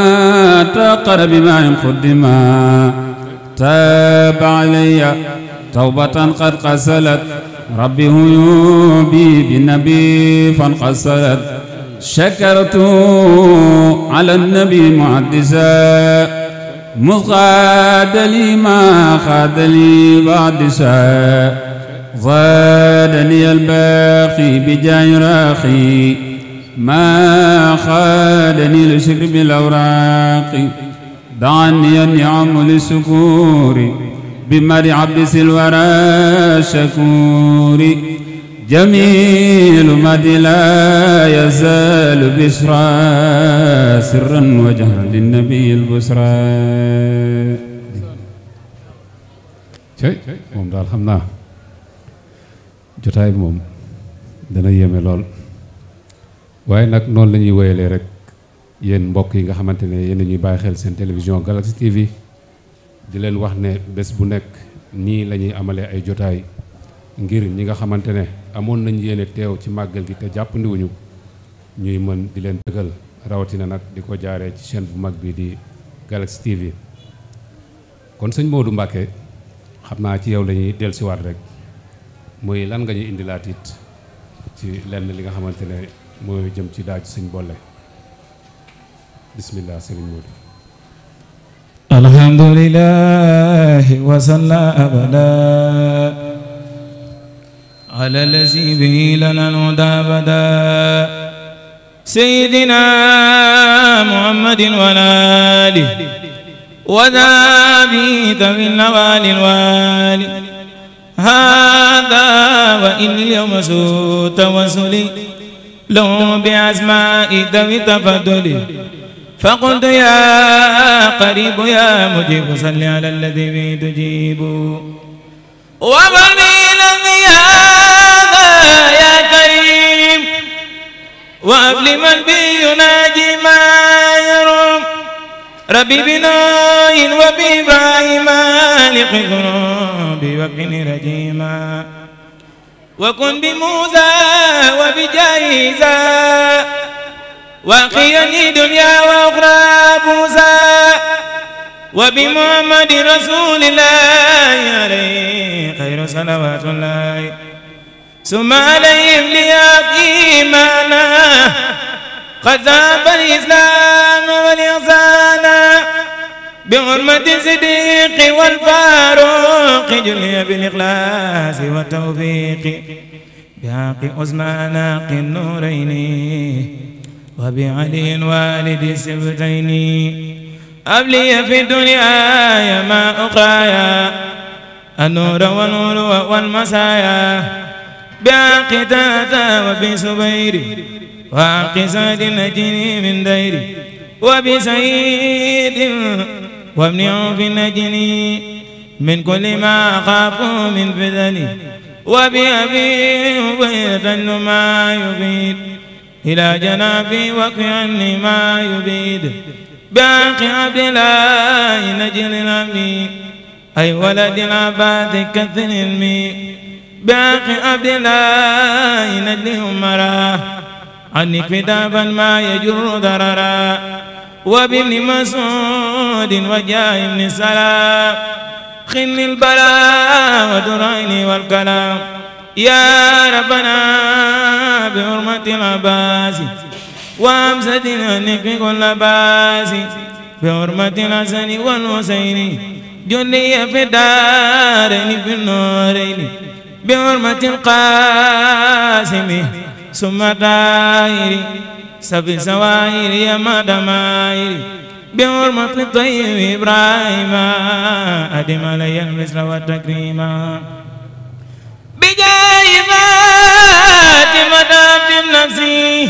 تأخر بما قدم تاب علي توبة قد قسلت ربي هيوبي بالنبي فانقسلت شكرت على النبي معدسا مخاد لي ما خاد لي بعدسا ضادني الباقي بجاي راخي ما خادني لشكر بالأوراق دعني النعم لسكوري بمر عبس الورى شكوري جميل مد لا يزال بشرى سرا وجهرا للنبي البشرى شيء الحمد لله jotaay bi moom dana yéeme lool waaye nag noonu la ñuy wéyalee rek yéen mbokk yi nga xamante ne yéen ñuy bàyyi xel seen télévision Galaxy TV di leen wax ne bés bu nekk nii lañuy amale ay jotaay ngir ñi nga xamante ne amoon nañ yéene teew ci màggal gi te jàppandiwuñu ñuy mën di leen dëggal rawatina nag di ko jaaree ci chaîne bu mag bi di Galaxy TV kon sëñ Modou Mbacke xam naa ci yow lañuy ñuy dellusiwaat rek. muy lan nga ñu indilaat it ci lenn li nga xamante ne moo jëm ci daaj suñ boole bismillah sëriñ Modou alhamdulillahi wa salla abada ala lazi bihi lana nuda abada sayyidina muhammadin wa alihi wa sahbihi tawil wali هذا وإن اليوم سوء توسلي لو بأسماء ذوي تفضلي فقلت يا قريب يا مجيب صل على الذي بي تجيب وبني الذي هذا يا كريم وقبل من بي يناجي ما يروم ربي بناء وبإبراهيم مالق ذنوب ربي رجيما وكن بموزا وبجايزا وقيني دنيا وأخرى موسى وبمحمد رسول الله عليه خير صلوات الله ثم عليهم لياب إيمانا قد ذهب الإسلام والإحسان بغرمة الصديق والفاروق جلي بالإخلاص والتوفيق بحق عثمان النورين وبعلي والد سبتين أبلي في الدنيا يا ما أخرايا النور والنور والمسايا بحق تاتا سبيري وحق سعد من ديري وبسيد وامنعوا في نجني من كل ما خافوا من فذلي وبأبي ويذل ما يبيد إلى جنابي عني ما يبيد باقي عبد الله نجل الأمي أي ولد العباد كثر المي باقي عبد الله نجل أمراه عني كتابا ما يجر ضررا وبالمسعود محمد وجاء ابن سلام خن البلاء ودرعني والكلام يا ربنا بحرمة العباس وامسدنا نكفي كل باس بحرمة الحسن والحسين جني في دارين في النورين بحرمة القاسم ثم دائري سب سوائر يا مدمائري مطل طيب إبراهيم أدم علي المسر والتكريم بجاه فاتمة عبد نفسي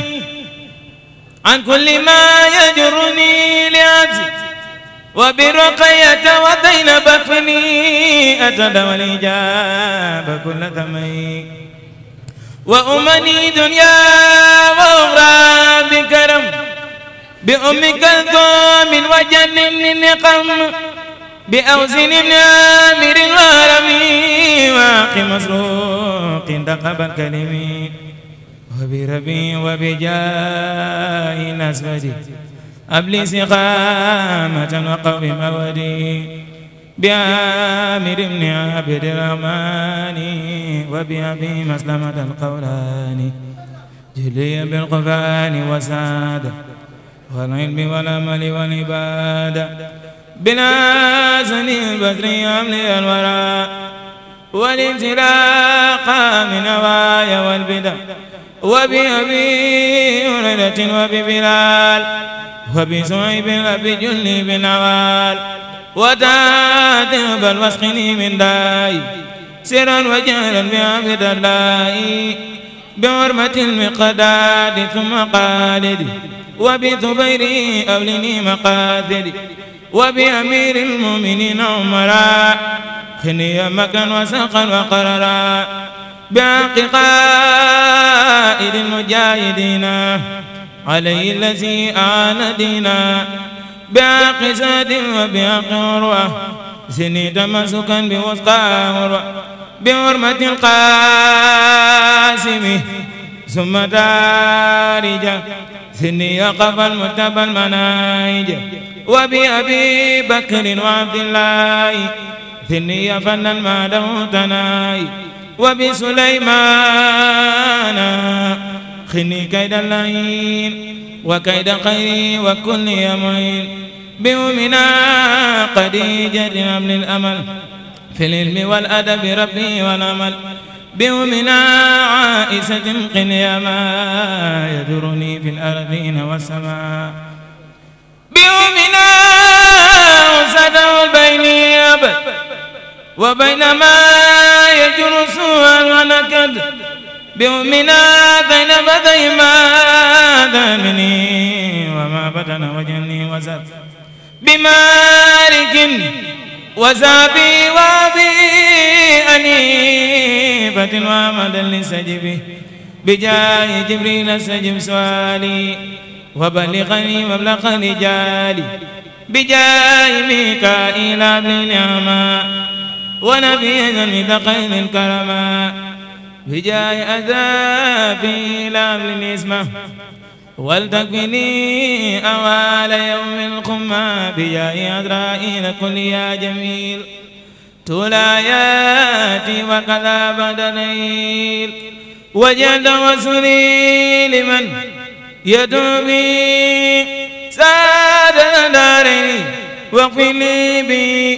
عن كل ما يجرني لعزي وبرقية وبين بفني أتد والإجاب كل ثمي وأمني دنيا وأغرى بكرم بأم كلثوم وجن نقم بأوزن بن عامر الغرمي واق مسروق دقب الكلم وبربي وبجاه نسبتي أبلي سقامة وقوم مودي بأمير بن عبد الرحمن وبأبي مسلمة القولاني جلي بالقفان وساده والعلم والعمل والعبادة بلا سني البدر أملي الورى والانزلاق من نوايا والبدع وبأبي هريرة وببلال وبسعيب وبجل بن عوال وتاتر بل واسقني من داي سرا وجهلا بعبد الله بعرمة المقداد ثم قالد وبزبيري أولني مقادري وبأمير المؤمنين عمرا خني مكا وسقا وقررا باقي قائد المجاهدين علي الذي آن دينا باقي زاد وباقي عروة زني تمسكا بوثقى عروة بحرمة القاسم ثم دارجة سني يقف المتبى المناهج وبأبي بكر وعبد الله ثني فن المال وتناي تناي وبسليمان خني كيد اللعين وكيد خيري وكل يمين بيومنا قد جرنا من الأمل في العلم والأدب ربي والأمل بأمنا عائسة قل ما يدرني في الأرضين والسماء بأمنا وسد البين وبين وبينما يجر سوى ونكد بأمنا بين بذي ما ذامني وما بدن وجني وزد بمالك وزابي وابي أنيبة وامدا سجبي بجاه جبريل سجب سؤالي وبلغني مبلغ رجالي بجاه ميكائيل بن نعمة ونبي بثقين الكرما بجاه أذابي لا بن اسمه ولتك أوال يوم القمة بجاه أدرائيل كل يا جميل تلا ياتي بعد بدنيل وجد وسني لمن يدوبي ساد داري واغفر لي بي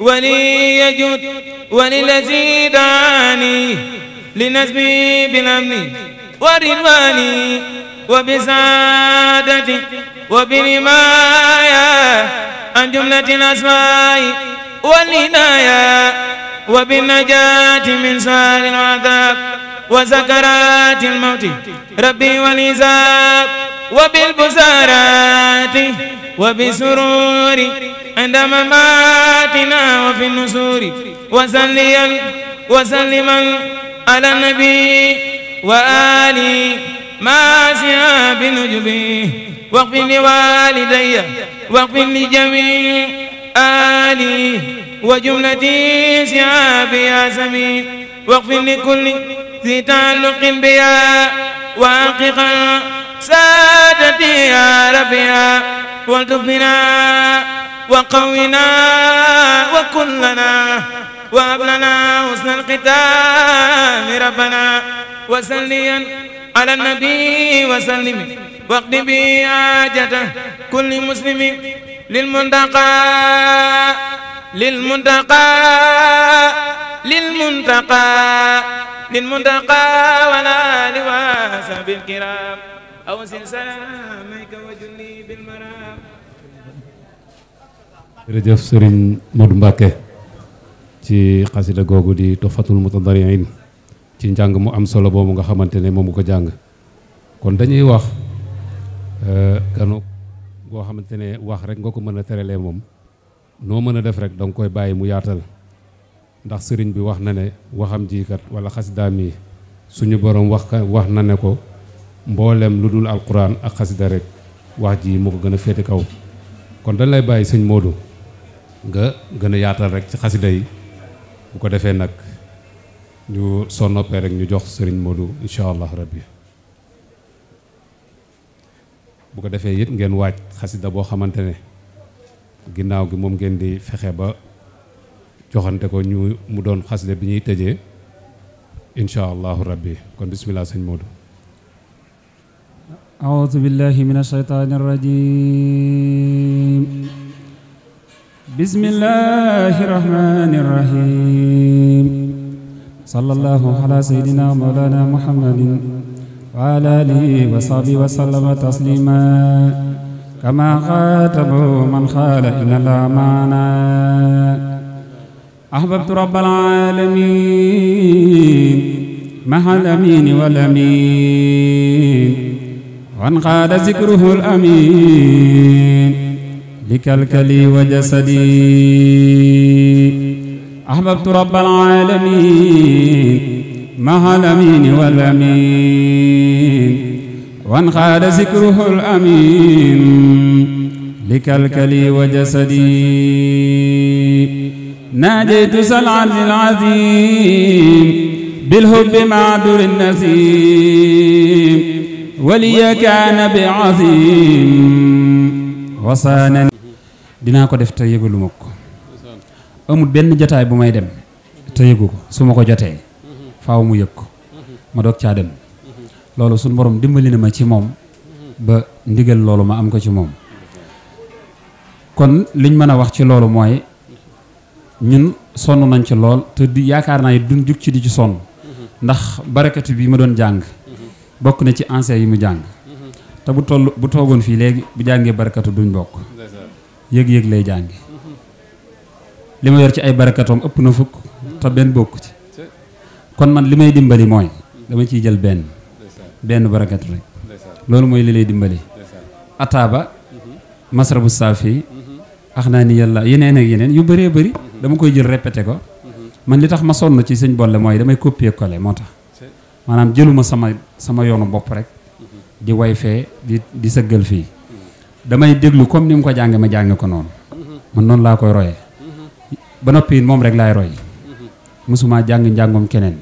ولي يجد وللذي داني لنسبي بالأمن ورضواني وبسادته وبرماية عن جملة الأسماء والإناية وبالنجاة من سائر العذاب وسكرات الموت ربي والإزاب وبالبزارات وبسرور عند مماتنا وفي النسور وسلم وسلما على النبي وآله ما سيا بنجبيه واغفر لوالدي واغفر لجميع آلي وجملتي سياب يا سميع واغفر لكل ذي تعلق بيا وحقق سادتي يا ربيا والتفنا وقونا وكلنا وابلنا حسن القتال ربنا وسليا على النبي وسلم واقض بي حاجة كل مسلم للمنتقى للمنتقى للمنتقى للمنتقى ولا لواس بالكرام أو سلسلامك وجني بالمرام jërëjëf Serigne Modou Mbacké ci xasida googu di Tuhfatul Mutadari'in ci njàng mu am solo boobu nga xamante ne moom ko jàng kon dañuy wax euh, ganu goo xamante ne wax rek nga ko mën a teralee moom noo mën a def rek danga koy bàyyi mu yaatal ndax sëriñ bi wax na ne waxam jiikat wala xasidaam yi suñu borom wax wax na ne ko mboolem lu dul alquran ak xasida rek wax ji mu ko gën a féete kaw kon dañ lay bàyyi sëñ Modou nga gën yaatal rek ci xasida yi bu ko defee nag ñu soo noppee rek ñu jox sëriñ Modou incha allah rabbi bu ko defee it ngeen waaj xasida boo xamante ne ginnaaw gi moom ngeen di fexe ba joxante ko ñu mu doon xasida bi ñuy tëjee incha allahu rabbi kon bismillah sëñ Modou أعوذ بالله من الشيطان الرجيم بسم الله الرحمن الرحيم صلى الله على سيدنا ومولانا محمد وعلى آله وصحبه وسلم تسليما كما خاتم من خال إن الأمانة أحببت رب العالمين مع الأمين والأمين وانقاد ذكره الأمين لكلكلي وجسدي أحببت رب العالمين مع الأمين والأمين وانخال ذكره الأمين لكلكلي وجسدي ناديت سلعا العظيم بالحب مع دور النسيم ولي كان بعظيم وصانني دينا قد def te مكو amul benn jotaay bu may dem te yëgu ko su ma ko jotee faw mu yëg ko ma doog caa dem loolu suñu borom dimbali na ma ci moom ba ndigal loolu ma am ko ci moom kon liñ mën a wax ci loolu mooy ñun sonn nañ ci lool te di yaakaar naa duñ jug ci di ci sonn ndax barakatu bi ma doon jàng bokk na ci ancien yi mu jàng te bu toll bu toogoon fii léegi bu jàngee barakatu duñ bokk yëg-yëg lay jànge li ma yor ci ay barakatoom ëpp na fukk te benn bokk ci kon man li may dimbali mooy dama ciy jël benn benn barakat rek loolu mooy li lay dimbali ataaba masrabu saafi ax naa ni yàlla yeneen ak yeneen yu baree bari dama koy jël répété ko man li tax ma sonn ci sëñ bolle mooy damay copier coller moo tax maanaam jëluma sama sama yoonu bopp rek di way fee di di sëggal fii damay déglu comme ni mu ko jànge ma jànge ko noonu man noonu laa koy royee ba noppi moom rek lay roy mosuma jàng njàngum keneen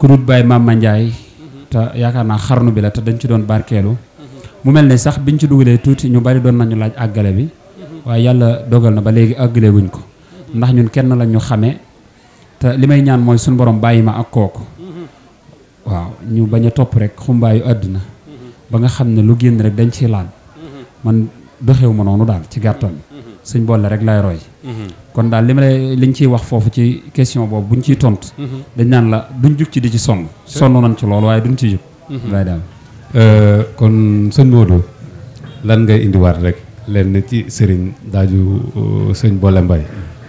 ku dut maam ma Mandiaye te yaakaar naa xarnu bi la te dañ ci doon barkeelu mu mel ne sax biñ ci dugalee tuuti ñu bari doon nañu laaj àggale bi waaye yàlla dogal na ba léegi àggale wuñ ko ndax ñun kenn lañ ñu xamee te li may ñaan mooy suñu borom bàyyi ma ak kooku waaw ñu bañ a topp rek xumbaayu àddina ba nga xam ne lu génn rek dañ ci laal man doxewu ma noonu daal ci gàttal. bol la rek mhm. lay roy kon dal limay liñ ci wax fofu ci question bobu buñ ci tonte mhm. dañ nan la duñ juk ci di ci son sonn nañ ci loolu waaye duñ ci jug mhm. dal euh kon sëñ Modou lan ngay war rek lenn ci sëriñ daju euh, sëñ boole mbay mm.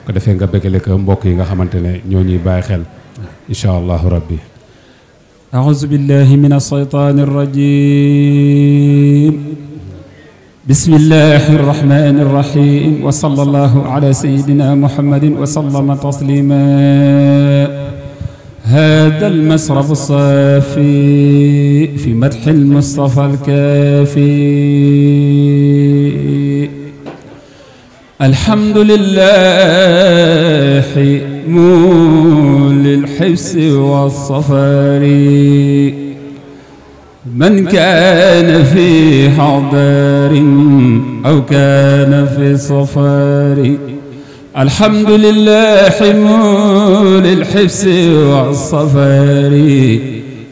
ko defé nga bëggale ko mbokk yi nga xamantene ñoo ñi baye xel inshallah rabbi أعوذ بالله من الشيطان الرجيم بسم الله الرحمن الرحيم وصلى الله على سيدنا محمد وسلم تسليما هذا المسرب الصافي في مدح المصطفى الكافي الحمد لله مول الحفظ والصفاري من كان في حضار أو كان في صفار الحمد لله حمول الحبس والصفار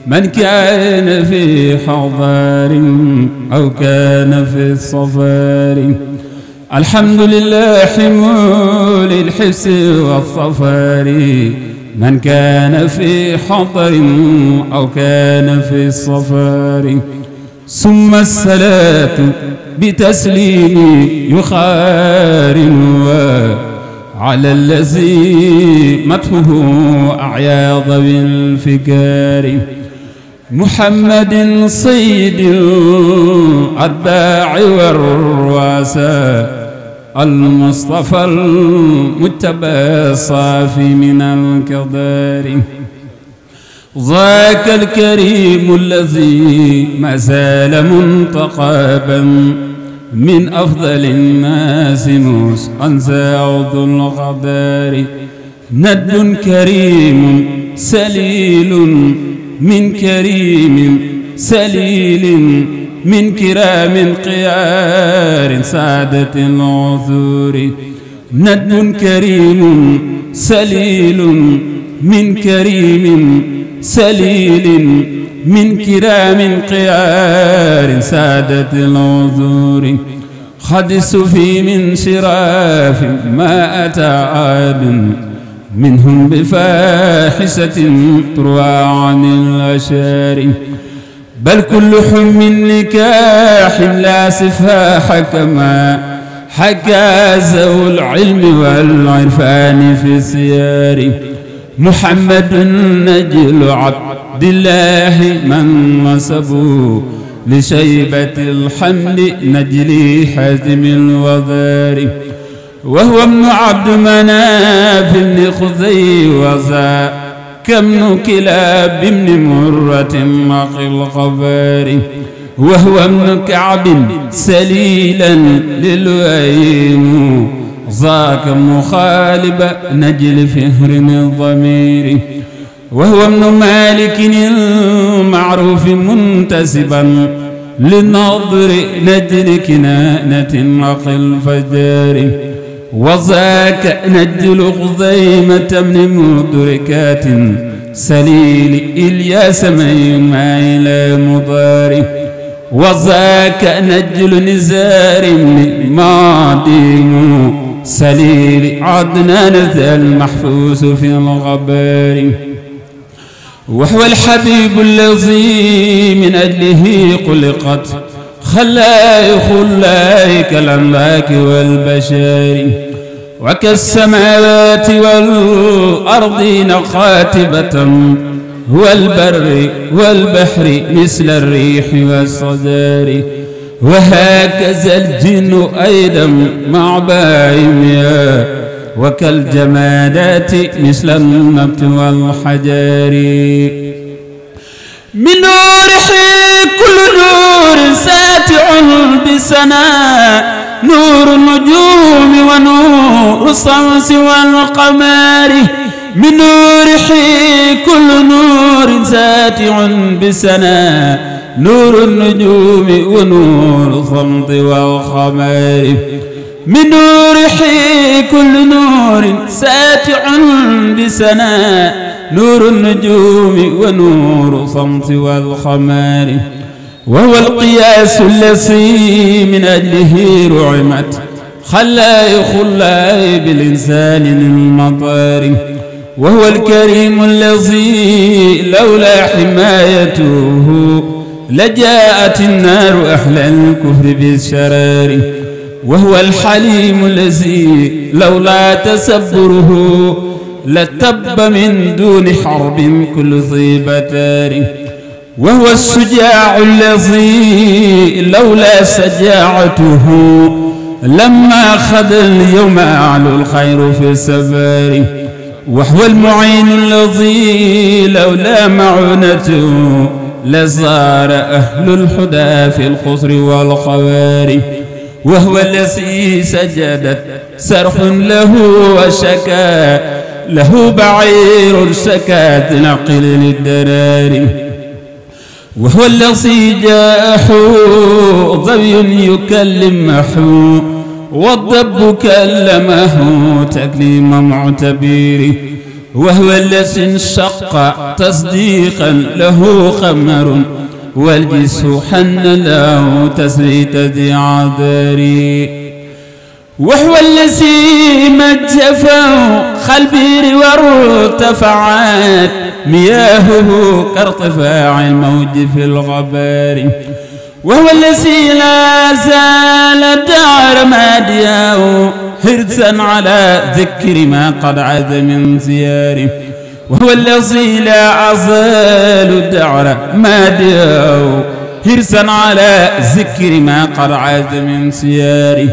من كان في حضار أو كان في صفار الحمد لله حمول الحبس والصفار من كان في حضر أو كان في الصفار ثم الصلاة بتسليم يخار على الذي مدحه أعياض بالفكار محمد صيد الداعي والرواسات المصطفى المتبى صافي من الكبار ذاك الكريم الذي ما زال منتقبا من أفضل الناس موسى أنزع ذو الغدار ند كريم سليل من كريم سليل من كرام قيار سعادة عثور ندم كريم سليل من كريم سليل من كرام قيار سادة العذور قد سفي من شراف ما أتى عاب منهم بفاحشة تروى عن الأشاري بل كل حم نكاح لا سفاح كما حكى ذو العلم والعرفان في سيار محمد نجل عبد الله من نصبوا لشيبة الحمل نجلي حازم الوزار وهو ابن عبد مناف بن خزي وزار كم كلاب من مرة مقي القبر وهو ابن كعب سليلا للوين ذاك مخالب نجل فهر الضمير وهو ابن مالك المعروف منتسبا لنظر نجل كنانة مقي الفجار وذاك نجل خزيمة من مدركات سليل إلياس من ما إلى مضاري وذاك نجل نزار من ماديم سليل عدنان ذا المحفوس في الغبار وهو الحبيب الذي من أجله قلقت خلاي خلايك العماك والبشر وكالسماوات والأرض نخاتبة هو البر والبحر مثل الريح والصدار وهكذا الجن أيضا مع بايميا وكالجمادات مثل النبت والحجار من نور حين كل نور ساتع بسنا نور النجوم ونور الشمس والقمر من نوره كل نور ساتع بسنا نور النجوم ونور الخمط والخمر من نوره كل نور ساتع بسنا نور النجوم ونور الصمت والخمار وهو القياس الذي من أجله رعمت خلائق الله بالإنسان المطار وهو الكريم الذي لولا حمايته لجاءت النار أحلى الكفر بالشرار وهو الحليم الذي لولا تسبره لتب من دون حرب كل بتاره وهو السجاع الذي لولا سجاعته لما خذ اليوم أعلو الخير في سفاره وهو المعين الذي لولا معونته لزار أهل الحدى في الخسر والخوار وهو الذي سجدت سرح له وشكا له بعير شكات نقل للدراري وهو الذي جاءه ظبي يكلمه والضب كلمه تكليم معتبير وهو الذي انشق تصديقا له خمر والجس حن له تسريت ذي عذري وهو الذي مجفه خلبير وارتفعت مياهه كارتفاع الموج في الغبار وهو الذي لا زال دار مادياه حرصا على ذكر ما قد عاد من زياره وهو الذي لا عزال دعر مادياه حرصا على ذكر ما قد عاد من سياره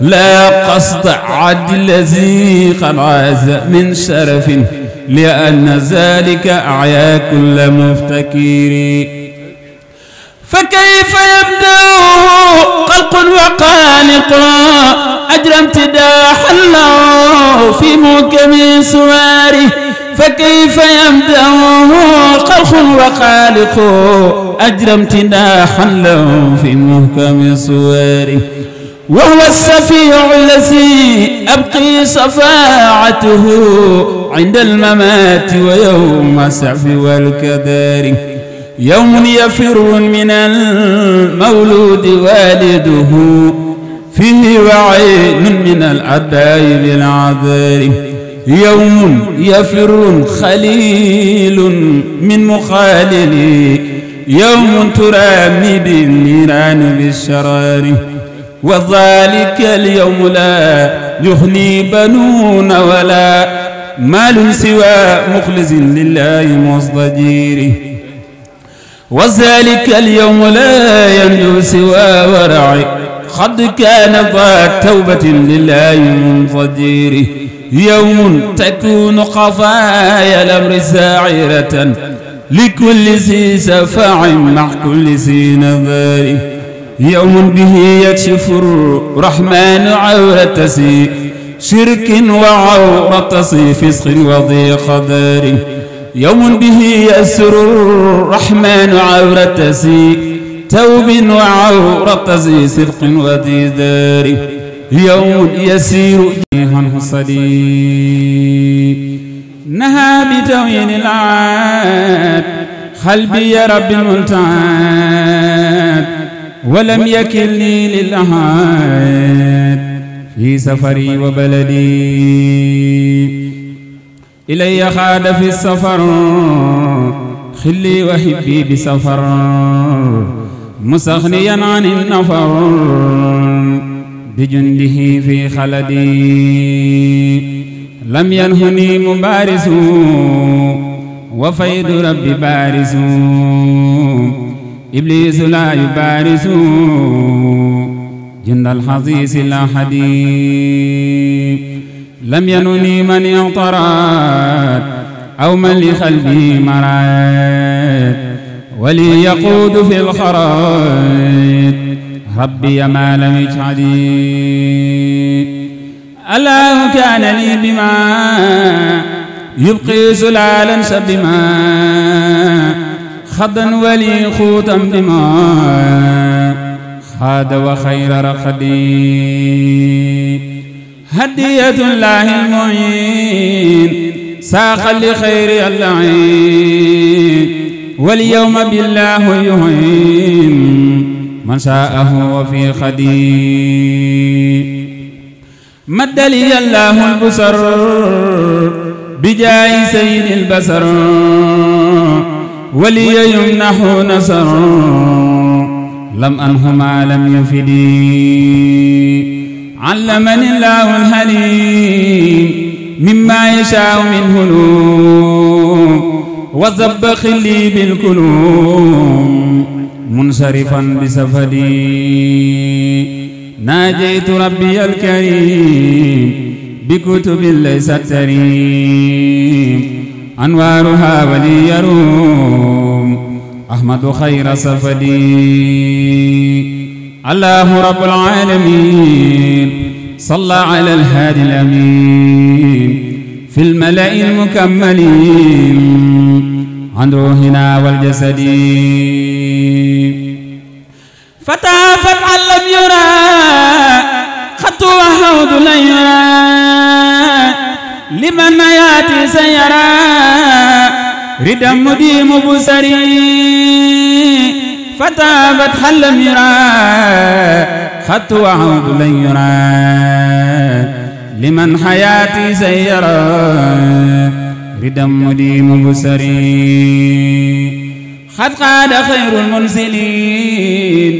لا قصد عد الذي قد عاز من شرف لأن ذلك أعيا كل مفتكير فكيف يبدأه خلق وخالق أجر امتداحا له في موكب سواره فكيف يبدأه خلق وخالق أجر امتداحا له في موكب سواره وهو السفيع الذي أبقي صفاعته عند الممات ويوم السعف والكدار يوم يفر من المولود والده فيه وعين من الأداء بالعذر يوم يفر خليل من مخالله يوم ترامي بالنيران بالشرار وذلك اليوم لا يغني بنون ولا مال سوى مخلص لله مصدجيره وذلك اليوم لا ينجو سوى ورع قد كان ضاد توبة لله منفجيره يوم تكون خفايا الأمر ساعرة لكل ذي سفع مع كل ذي نظاره يوم به يكشف الرحمن عورة شرك وعورة فسق وضي قدر يوم به يسر الرحمن عورة توب وعورة صدق وذي داري يوم يسير جيهنه صليب نهى بتوين العاد خلبي رب الملتعاد ولم يكلني للأحد في سفري وبلدي إلي خاد في السفر خلي وحبي بسفر مسخنيا عن النفر بجنده في خلدي لم ينهني مبارس وفيد ربي بارس إبليس لا يبارس جند لا حديث لم ينني من اعترات أو من لخلبه مرات ولي يقود في الخرائط ربي ما لم يجعلي الله كان لي بما يبقي سلالا سبما خدا ولي خوتم دماء خاد وخير رقدي هدية الله المعين ساق لخير اللعين واليوم بالله يهين من شاءه وفي خدي مد لي الله البصر بجاه سيد البصر ولي يمنح نصر لم أنه ما لم يفدي علمني الله الحليم مما يشاء من هنوم وزبخ لي بالكلوم منصرفا بسفدي ناجيت ربي الكريم بكتب ليست تريم أنوارها ولي يروم أحمد خير سفدي الله رب العالمين صلى على الهادي الأمين في الملأ المكملين عن روحنا والجسد فتى فتحا لم يرى خطوة حوض لا يرى لمن ياتي سيرا ردا مديم بسري فتابت حل يرى خط وعود لن لمن حياتي سيرا ردا مديم بسري خذ قاد خير المرسلين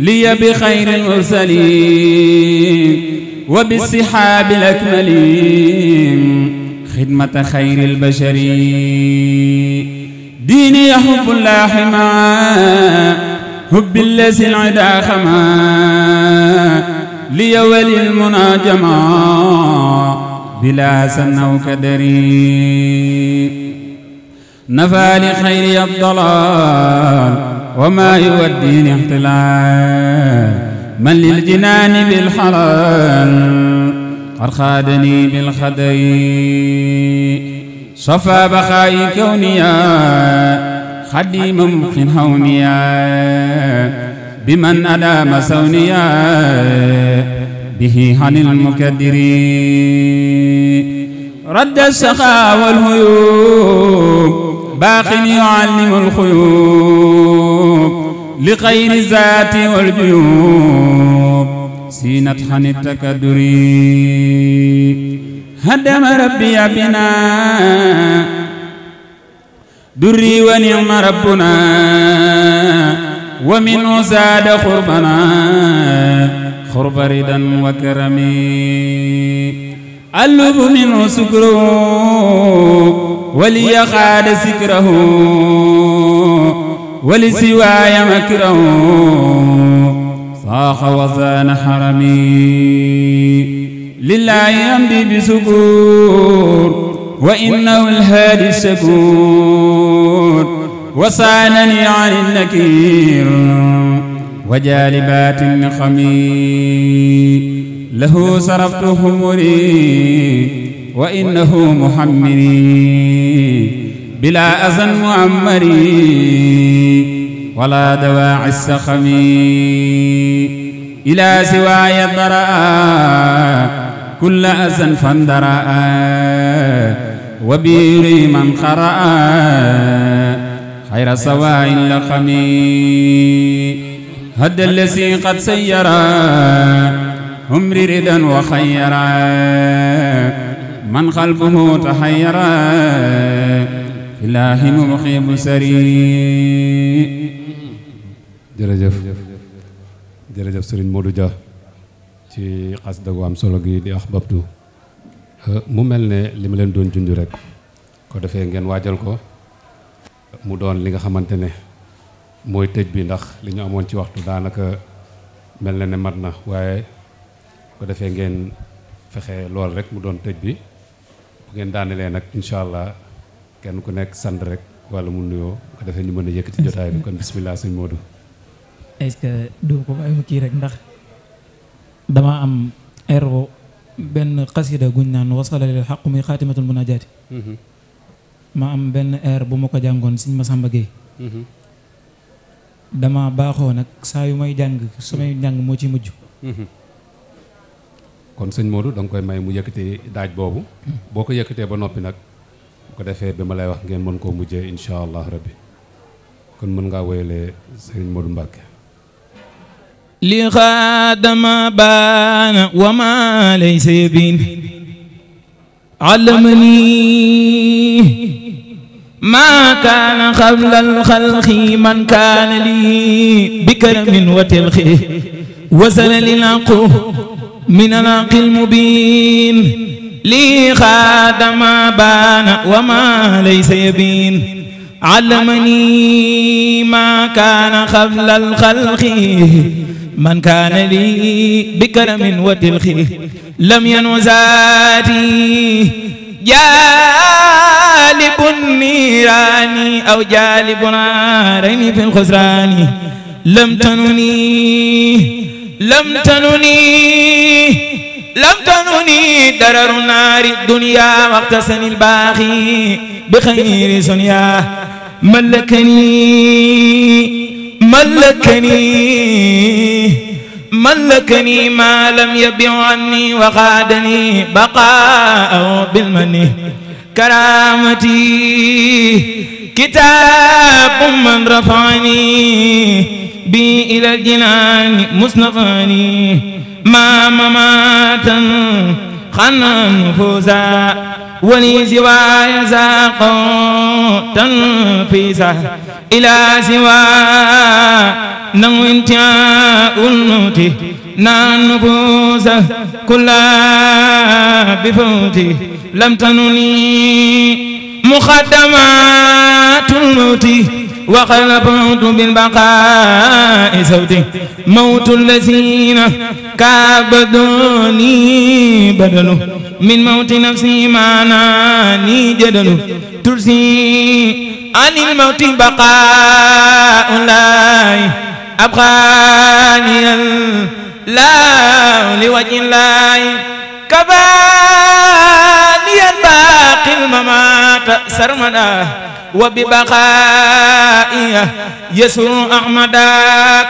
لي بخير المرسلين وبالسحاب الأكمل خدمة خير البشر ديني حب الله حما حب الذي العدا خما لي ولي جمع بلا سن أو كدري نفى لخير الضلال وما يوديني احتلال من للجنان بالحرام قد خادني بالخدي صفى بخائي كونيا خدي ممكن هونيا بمن ألام سونيا به عن المكدر رد السخاء والهيوب باق يعلم الخيوب لغير ذات والجيوب سينة حن التكدري هدم ربي بنا دري ونعم ربنا ومنه زاد خربنا خرب ردا وكرم اللب منه سكره ولي خاد سكره ولسواي مكره صاح وزان حرمي لله يمضي بسكور وإنه الهادي الشكور وسالني عن النكير وجالبات النخمي له صرفت همري وإنه محمري بلا أذى معمري ولا دواعي السخم إلى سواي الضراء كل أذى فاندراء وبيري من قرأ خير سواء لخم هد الذي قد سيرا عمري ردا وخيرا من قلبه تحيرا fi laahi muxibu sari jërëjëf jërëjëf sëriñ Modou Dia ci xas dagu am solo gi di ax babtu mu mel ne li ma leen doon junj rek ko defee ngeen waajal ko mu doon li nga xamante ne mooy tëj bi ndax li ñu amoon ci waxtu daanaka mel na ne mat na waaye ko defee ngeen fexe lool rek mu doon tëj bi bu ngeen daanelee nag incha allah kenn ku nekk sant rek wala mu nuyoo ko defee ñu mën a yëkkati jotaay bi kon bisimilah sëñ Modou. est du ko bàyyi mu kii rek ndax dama am erreur benn xasida guñ naan wasala mhm. bu ma ko jàngoon sëñ Massamba Gueye mhm. dama baaxoo nag saa yu may jàng samay jàng moo ci mujj mhm. kon sëñ Modou da nga koy may mu yëkkati daaj boobu mm. boo ko yëkkatee ba noppi nag bu ko defee bi ma lay wax ngeen mën koo mujjee incha allah rabbi kon mën ngaa woyalee sëriñ Modou Mbacke li xaadama baana wa ma lay seebin alamani ما كان قبل الخلق من كان لي بكرم وتلخي وزن للعقل من العقل المبين لي خادم بان وما ليس يبين علمني ما كان قبل الخلق من كان لي بكرم وتلخي لم ينزاتي جالب النيران أو جالب نارين في الخسران لم تنني لم تنني لم تنوني درر نار الدنيا واقتسني الباقي بخير سنيا ملكني ملكني ملكني ما لم يبع عني وقادني بقاء بالمن كرامتي كتاب من رفعني بي إلى الجنان مصنفاني ما مماتا خنا نفوسا ولي سواي زاق تنفيسا إلى سوى نو انتهاء النوت نان نفوسه كلا بفوتي لم تنوني مخدمات الموتي وقال موت بالبقاء زوجي موت الذين كابدوني بدل من موت نفسي ما ناني جدل ترسي عن الموت بقاء لا أبغاني لا لوجه الله كبار يا باقي الممات سرمدا وببقائي يسر احمد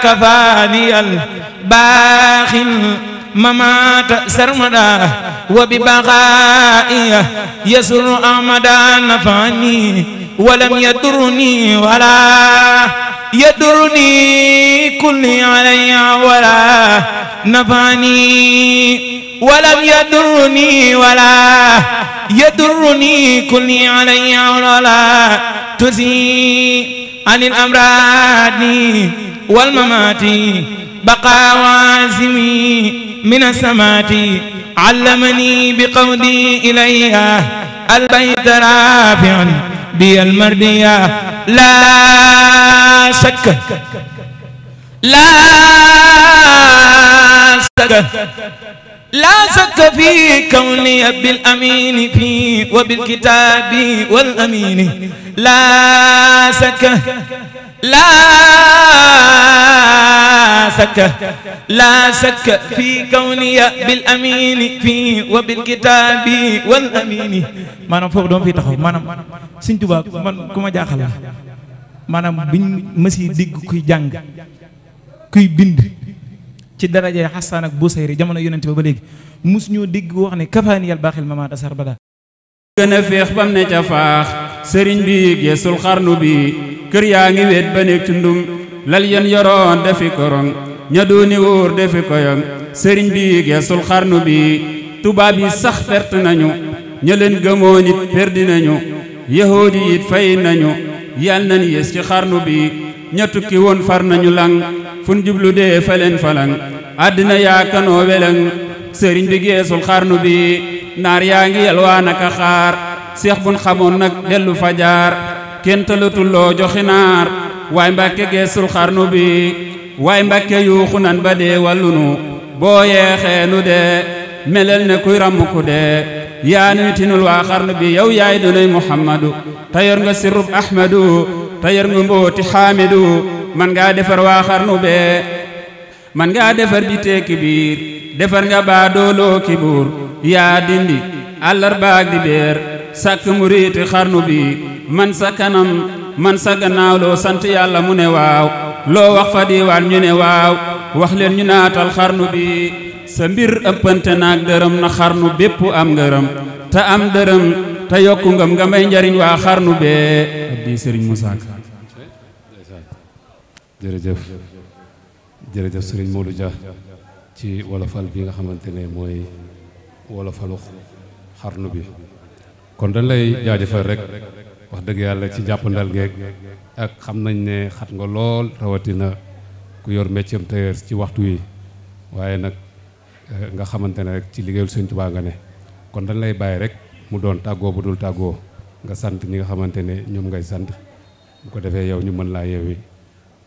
كفاني الباقي الممات سرمدا وببقائي يسر احمد نفاني ولم يدرني ولا يدرني كل علي ولا نفاني ولم يدرني ولا يدرني كلي علي ولا تزي عن الأمراض والممات بقى وعزمي من السمات علمني بقودي إليها البيت رافعا بي المردية لا شك لا شك laa sakka fi kawniya bil amini fi wa bil kitaabi wal amini laa sakka laa sakka laa sakka fi kawniya bil amini fi wa bil kitaabi wal amini. maanaam foofu dama fi taxaw maanaam Sëñ Tuubaa man ku ma jaaxal la maanaam biñ ma siy digg kuy jàng kuy bind. ci darajee xasaan ak busayri jamono yonent ba ba léegi mus ñoo dégg wax ne kafaani yal baaxil mamaata sarbada gën a féex bam ne ca faax sëriñ bi geesul xarnu bi kër yaa ngi wéet ba nekk tundum lal yan yoroon defi korong ña dooni wóor defi koyong sëriñ bi geesul xarnu bi tubaab yi sax perte nañu ña leen gëmoon it perdi nañu yahoodi it nañu yal nan yées ci xarnu bi ña tukki woon far nañu lang fun jublu de faleen falang addina yaa kanoo welaŋ sëriñ bi geesul xarnu bi naar yaa ngi yalwaan aka xaar seex bun xamoon nag dellu fajaar kenn talatul loo joxi naar waay mbàkke geesul xarnu bi waay mbàkke yuuxu nan ba dee wallunu boo yeexee nu dee melel ne kuy ràmm ku yaa nuy tinul waa xarnu bi yow yaay dunay muhammadu tayor nga sirrub ahmadu te yar nga mbooti xaamidu man ngaa defar waa xarnu bee man ngaa defar bi tekki biir defar nga baa dooloo ki buur yaa dindi àllar baag di beer sàkk muriiti xarnu bi man sa kanam man sa gannaaw loo sant yàlla mu ne waaw loo wax fa diiwaan ñu ne waaw wax leen ñu naatal xarnu bi sa mbir ëppante dërëm na xarnu bépp am ngërëm te am dërëm ta yokku ngam nga may njariñ wa xarnu be di serigne Moussa Ka jere jef serigne Modou Dia ci fal bi nga xamantene moy wala falu xarnu bi kon dañ lay jaajëfal rek wax deug yalla ci geek ak xamnañ ne xat nga rawati rawatina ku yor métier tayer ci waxtu yi waye nak eh, nga xamantene rek ci serigne touba nga ne kon dañ lay baye rek mu doon tàggoo bu dul tàggoo nga sant ñi nga xamante ne ñoom ngay sant bu ko defee yow ñu mën laa yeewi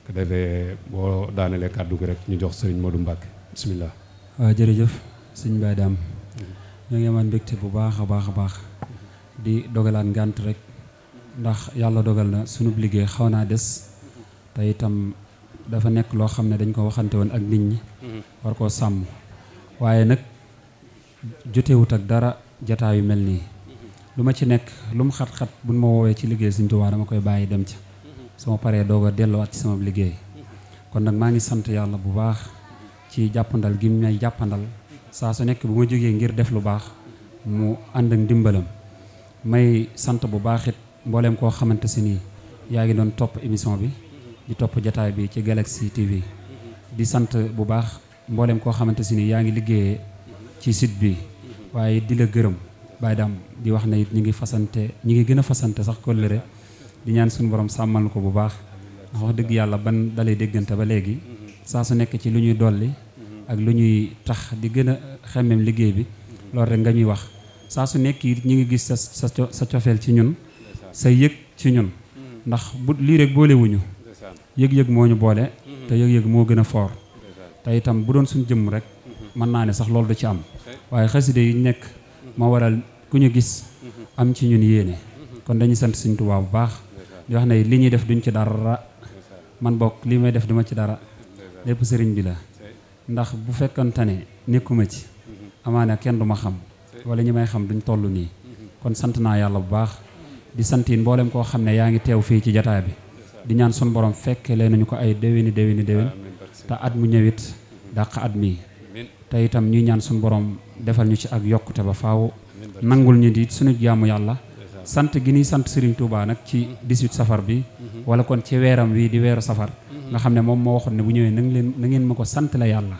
ko defee boo daanelee kàddu gi rek ñu jox sëriñ Modou Mbacke bisimilah. waaw jërëjëf sëñ Baye Dam ñoo ngi amaan mbégte bu baax a baax a baax di dogalaan ngànt rek ndax yàlla dogal na sunu liggéey xaw naa des te itam dafa nekk loo xam ne dañ ko waxante woon ak nit ñi mm-hmm. war koo sàmm waaye nag jotewut ak dara jataa yu mel nii mhm. lu ma ci nekk lu mu xat-xat buñ ma woowee ci liggéey Sëñ Tuubaa dama koy bàyyi dem ci mhm. sama paree doog a delluwaat ci sama liggéey mhm. kon nag maa ngi sant yàlla bu baax ci jàppandal gi may jàppandal saa su nekk bu ma jógee ngir def lu baax mu ànd ak ndimbalam may sant bu baaxit it mbooleem koo xamante si nii yaa ngi doon topp émission bi di topp jataay bi ci Galaxy TV di sant bu baax mbooleem koo xamante si nii yaa ngi liggéeyee ci site bi waaye di la gërëm Baye di wax na it ñi ngi fasante ñi ngi gën a fasante sax kóllëre di ñaan suñu borom sàmmal ko bu baax ndax wax dëgg yàlla ban dalay déggante ba léegi saa su nekk ci lu ñuy dolli ak lu ñuy tax di gën a xemmeem liggéey bi lool rek nga ñuy wax saa su nekk it ñi ngi gis sa sa sa cofeel ci ñun sa yëg ci ñun ndax bu lii rek boolewuñu yëg-yëg moo ñu boole te yëg-yëg moo gën a foor te itam bu doon suñu jëmm rek mën naa ne sax loolu du ci am waaye xasida yu nekk ma waral ku ñu gis am ci ñun yéene kon dañuy sant Sëñ Tuubaa bu baax di wax ne li ñuy def duñ ci dara man bokk lii may def duma ci dara lépp sëriñ bi la ndax bu fekkante ne nekkuma ci amaane kenn du ma xam wala ñi may xam duñ toll nii kon sant naa yàlla bu baax di sant yi koo xam ne yaa ngi teew fii ci jataay bi di ñaan sun borom fekkee leen nañu ko ay déwéni déwéni déwén te at mu ñëwit dàq at mii te itam ñuy ñaan suñu borom defal ñu ci ak yokkute ba faaw nangul ñu di suñu jaamu yàlla sant gi ni sant Serigne Touba nak ci 18 safar bi wala kon ci wéram wi di wéru safar nga xamne mom mo waxone bu ñëwé nang leen na ngeen mako sant la yalla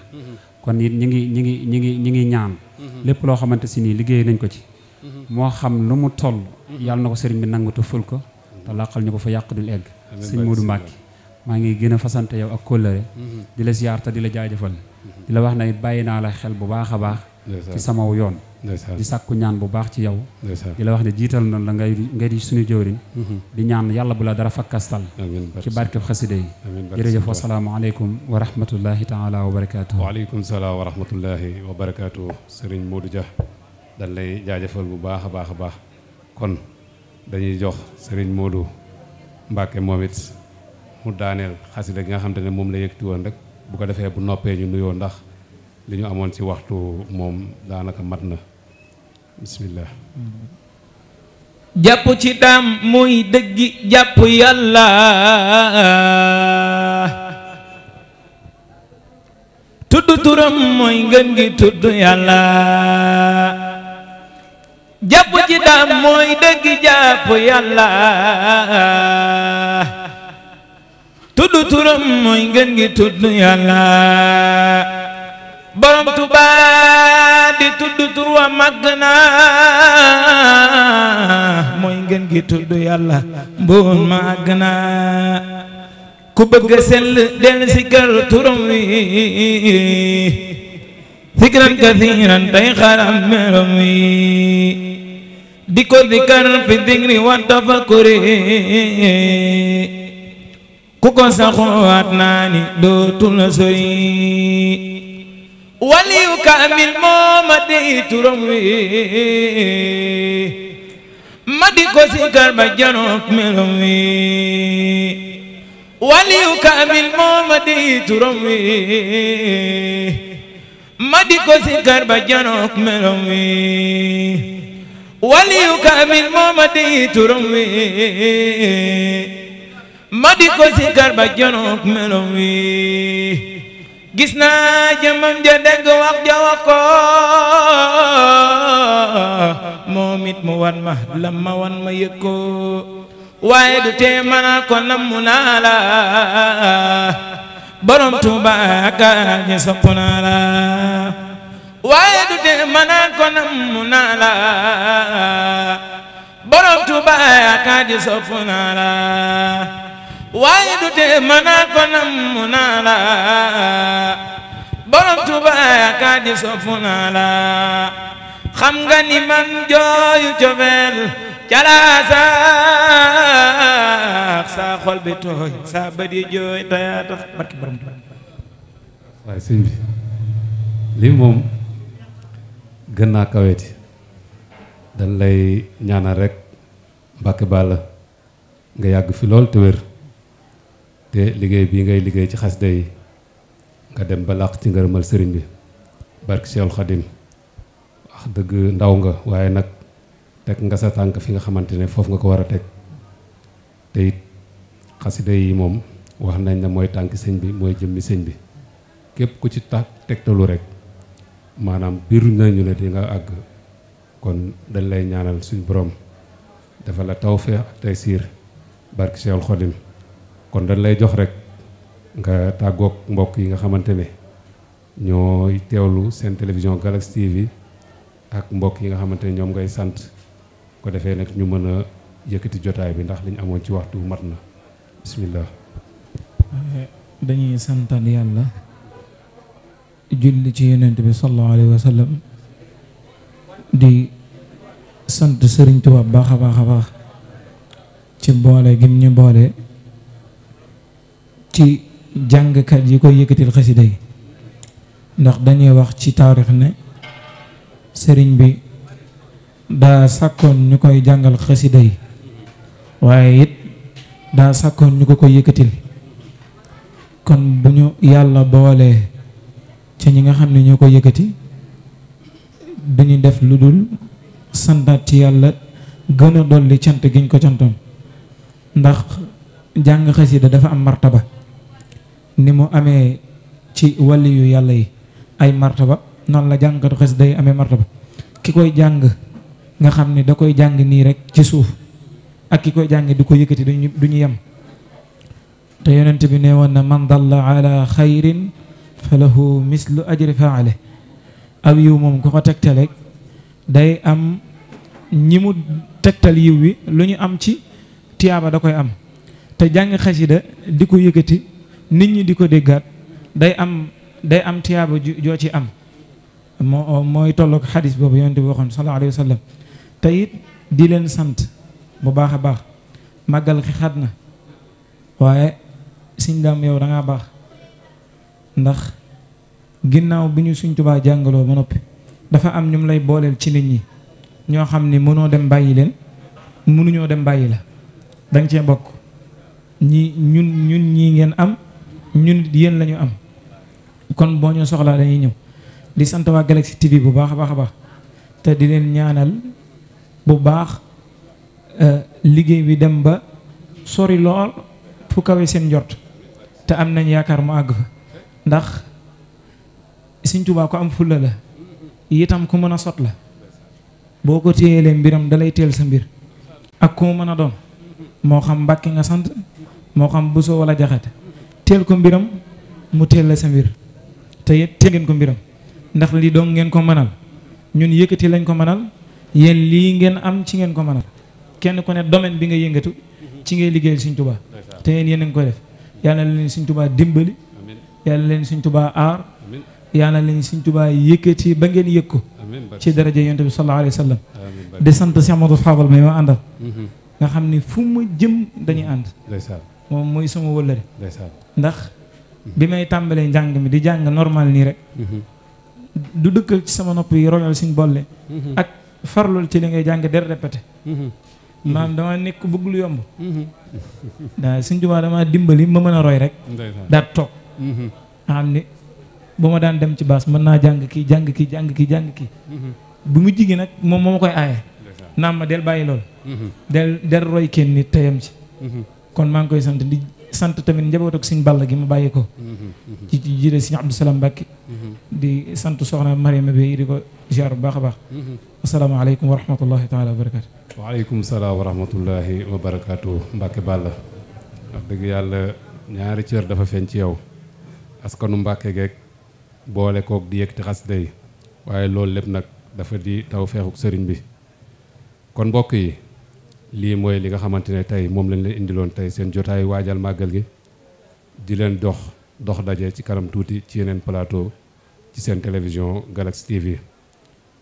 kon it ñi ngi ñi ngi ñi ngi ñi ngi ñaan lepp lo xamanteni liggéey nañ ko ci mo xam lu mu toll yalla nako serigne bi nangatu ful ko ta laqal ñuko fa yàq dul egg serigne Modou Mbacke ma ngi gëna a fasante yow ak kolere di la ziar ta di la jaajeufal di la wax na it bàyyi naa la xel bu baax a baax ci samaw yoon di sàkku ñaan bu baax ci yow di la wax ne jiital na la ngay ngay suñu jëwriñ mhm. di ñaan yàlla bu la dara fakkastal ci barkeb xasida yi jërëjëf wasalaamaaleykum wa rahmatullahi taala wa barakaatu waaleykum salaam wa rahmatullahi wa barakaatu sëriñ Modou Dia dañ lay jaajëfal bu baax a baax a baax kon dañuy jox sëriñ Modou Mbacke moom it mu daaneel xasida gi nga xam te ne moom la yëkkati woon rek bu ko defee bu noppee ñu nuyoo ndax li ñu amoon ci waxtu moom daanaka mat na bismillah jàpp ci daam muy dëggi jàpp yàlla tudd mooy ngën gi tudd jàpp ci daam yàlla tudd turam moy ngeen gi tuddu yalla borom tuba di tuddu tur wa màgg na ngeen gi tuddu yalla mboon magna ku bëgg sel del sikar turam wi fikran kathiran day xaram meram wi di dikar fi dingri wa tafakuri ku ko saxuwaat naa ni dootul la sori waliyu kaamil moo ma dey turam wi ma di ko sikar ma dey turam wi ma di ko sikar ba janook melom moo ma dey turam wi ma di ko si kar ba jonook melom wi gis naa jëmam ja dégg wax ja wax ko moom it mu ma lam ma ma yëg ko waaye du tee manaa naa la borom Tuuba naa la waaye du tee manaa ko naa la waaye du tee mën a ko nam naa la borom Tuuba yaakaar ji soppu naa la xam nga ni man jooyu cofeel calaa saax xol bi tooy saa bët yi jooy tayaa tax barki borom Tuuba waaye sëñ bi lii moom gën naa kaweeti dañ lay ñaanal rek Mbàkke Bàlla nga yàgg fi lool te wér te liggéey bi ngay liggéey ci xasida yi nga dem ba làq ci ngërëmal sëriñ bi barke Seexul Xadim wax dëgg ndaw nga waaye nag teg nga sa tànk fi nga xamante ne foofu nga ko war a te it yi moom wax nañ ne mooy sëñ bi mooy jëmmi sëñ bi képp ku ci ta tegtalu rek maanaam biir nañu ne di nga àgg kon dañ lay ñaanal suñ borom dafa la tawfeex ak taysiir barke Xadim kon dañ lay jox rek nga tàggoog mbokk yi nga xamante ne ñooy teewlu seen télévision Galaxy TV ak mbokk yi nga xamante ne ñoom ngay sant ko defee nag ñu mën a yëkkati jotaay bi ndax liñ amoon ci waxtu mat na bismillah dañuy santaan yàlla julli ci yonent bi sallallahu alayhi wa sallam di sant Sëriñ baax a baax a baax ci boole gim ñu boole ci jàngkat yi koy yëkkatil xasida yi ndax dañuy wax ci taarix ne sëriñ bi daa sàkkoon ñu koy jàngal xasida yi waaye it daa sàkkoon ñu ko koy yëkkatil kon bu ñu yàlla boolee ca ñi nga xam ne ñoo ko yëkkati duñu def lu dul santaat ci yàlla gën a dolli cant giñ ko cantoon ndax jàng xasida dafa am martaba ni mu amee ci wàlli yu yàlla yi ay martaba noonu la jàngkatu xes day amee martaba ki koy jàng nga xam ni da koy jàng nii rek ci suuf ak ki koy jàng di ko yëkkati duñu du ñu yem te yonent bi ne woon na man dalla ala xayrin fa lahu mislu ajri faale aw yiw moom ku ko tegtal rek day am ñi mu tegtal yiw wi lu ñu am ci tiyaaba da koy am te jàng xasida di ko yëkkati nit ñi di ko day am day am tiyaaba jo ci am moy tolok hadis bobu yonte yonent bi sallallahu Alaihi Wasallam. tayit di len sante bu baakha a baax màggal xi xadna waye waaye dam yow da nga baax ndax ginnaw bi suñ tubaa jàngaloo ba dafa am ñum lay bolel ci nit ñi ño xamni mëno dem bayyi len nyu mënuñoo dem bayyi la dang ci nyu ñi ñun ñun ñi ngeen am ñun yéen lañu am kon boo ñu soxlaa dañuy ñëw di sant waa Galaxy TV bu baax a baax a baax te di leen ñaanal bu baax euh, liggéey bi dem ba sori lool fu kawe seen njort te am nañ yaakaar mu àgg fa ndax Sëñ Tuubaa ko am fulla la itam ku mën a sot la boo ko leen mbiram dalay teel sa mbir ak ku mën a doon moo xam Mbàkke nga sant moo xam Buso wala Jaxate teel ko mbiram mu teel la sa mbir te it teel ngeen ko mbiram ndax li dong ngeen ko mënal ñun yëkkati lañ ko mënal yéen lii ngeen am ci ngeen ko mënal kenn ku ne domaine bi nga yëngatu ci ngay liggéeyal Sëñ Tuubaa te yéen yéen a ngi koy def yàlla na leen Sëñ Tuubaa dimbali yàlla leen Sëñ Tuubaa aar yàlla na leen Sëñ Tuubaa yëkkati ba ngeen yëg ko ci daraja yonent bi sallallahu alayhi wa sallam di sant Cheikh Amadou Fabal may ma àndal mhm. nga xam ni fu ma jëm dañuy ànd moom mooy sama wëllëre ndax bi may tàmbalee mi di jang normal ni rek mhm. du dëkkal ci sama nopp yi royal suñ bolle mhm. ak farlul ci li ngay jang der répété mhm. maam dama nek bëgg lu yomb da suñ juma dama dimbali ma mëna a roy rek da tok am ni buma ma daan dem ci bass man na jang ki jang ki jang ki jang ki bu mu jigi nak mom mom ma koy ayé naam ma del bayi lol del der roy kenn nit ci kon mang koy sant di sant tamit njabootu sëñ Balla gi ma bàyyi ko. Mhm, mhm. ci ci jiite sëñ Abdou Salam Mbacke. Mhm. di sant soxna Mariama bi di ko ziar bu baax a baax. asalaamaaleykum wa rahmatullahi taala wa barakaatu. waaleykum salaam wa rahmatullahi wa barakaatu Mbacke Balla. wax dëgg yàlla ñaari cër dafa feeñ ci yow. askanu Mbacke geeg boole koog di yëkkati xas day waaye loolu lépp nag dafa di taw feexuk sëriñ bi kon bokk yi. lii mooy li nga xamante ne tey moom lañ leen indiloon tey seen jotaay waajal màggal gi di leen dox dox daje ci kanam tuuti ci yeneen plateau ci seen télévision Galaxy TV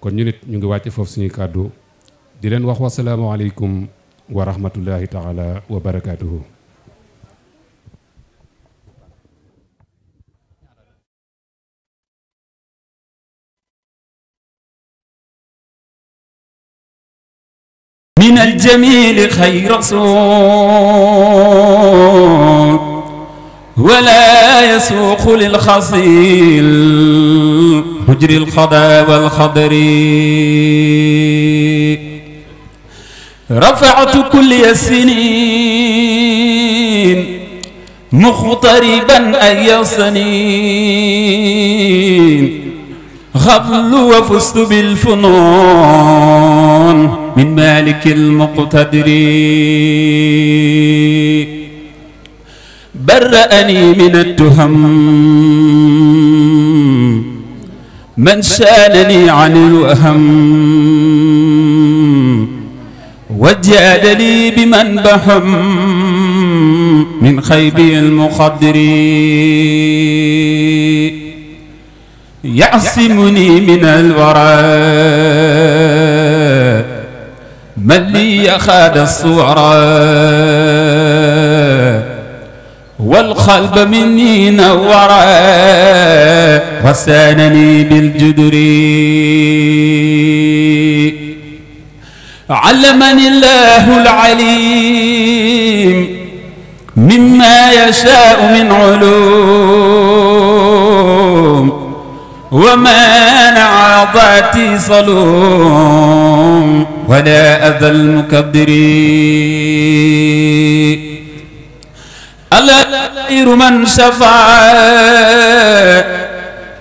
kon ñu nit ñu ngi wàcce foofu suñuy kàddu di leen wax wasalaamaaleykum wa rahmatullahi taala wa barakaatuhu الجميل خير صوت ولا يسوق للخصيل حجر الخضا والخضر رفعت كل السنين مغتربا أي سنين غبل وفزت بالفنون من مالك المقتدر برأني من التهم من سالني عن الوهم وجادني لي بمن بهم من خيبي المقدر يعصمني من الورى من لي أخذ الصورة والقلب مني نورا وسانني بالجدر علمني الله العليم مما يشاء من علوم ومن عضت صلوم ولا أذى المكبرين الله خير من شفع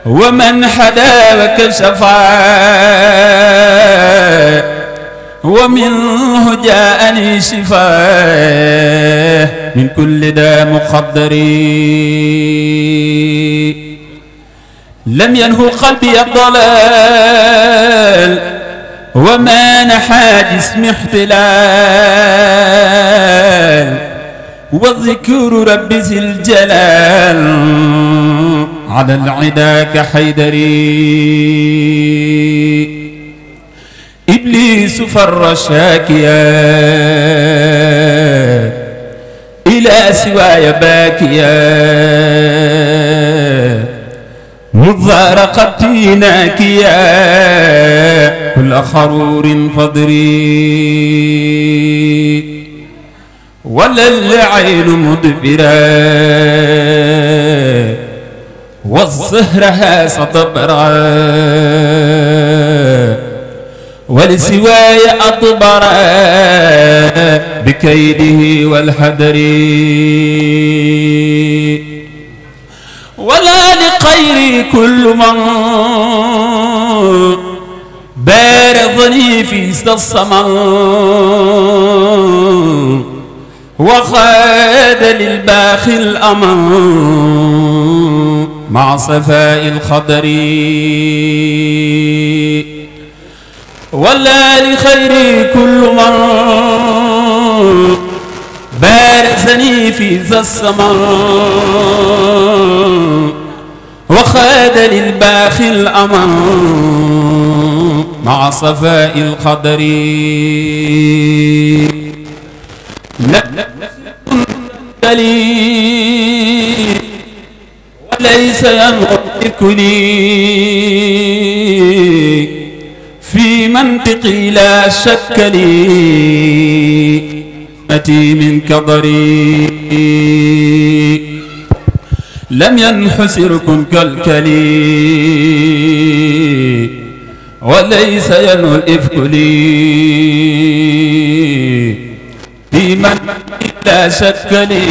ومن حدا وكشفع ومنه جاءني شفاء من كل داء مخدرين لم ينه قلبي الضلال وما نحى جسم احتلال وذكر رب ذي الجلال على العدا كحيدري إبليس فر شاكيا إلى سواي باكيا مضارقتي كيا كل خرور فضري ولا العين مدبرة والزهرها سطبرة ولسواي أطبرة بكيده والحدري ولا لقيري كل من بارضني في السماء وخاد للباخي الأمان مع صفاء الخضر ولا لخير كل من بارزني في ذا السماء وخاد للباخي الأمر مع صفاء القدر لا لا وليس ينقذكني لي في منطقي لا شك لي أتي منك ضريء لم ينحسركم كالكلي وليس ينو الإفك لي في من لا شك لي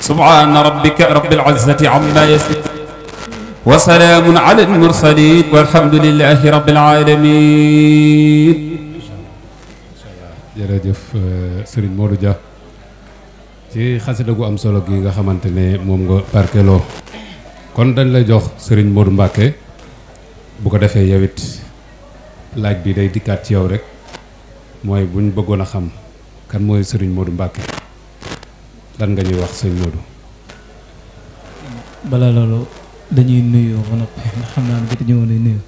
سبحان ربك رب العزة عما يسلم وسلام على المرسلين والحمد لله رب العالمين يرجف سرين مولجا تي خاسلو ام سولو كيغا خامتني مومغا باركلو كون دنج لا جوخ سرين مود مباكه بوكو دافي ياويت لاج بي داي ديكات تيو رك موي بون بغونا خام كان موي سرين مود مباكه لان غاني واخ سرين مودو بلا لولو dañuy nuyoo ba noppi ndax xam naa ne dañoo lay nuyu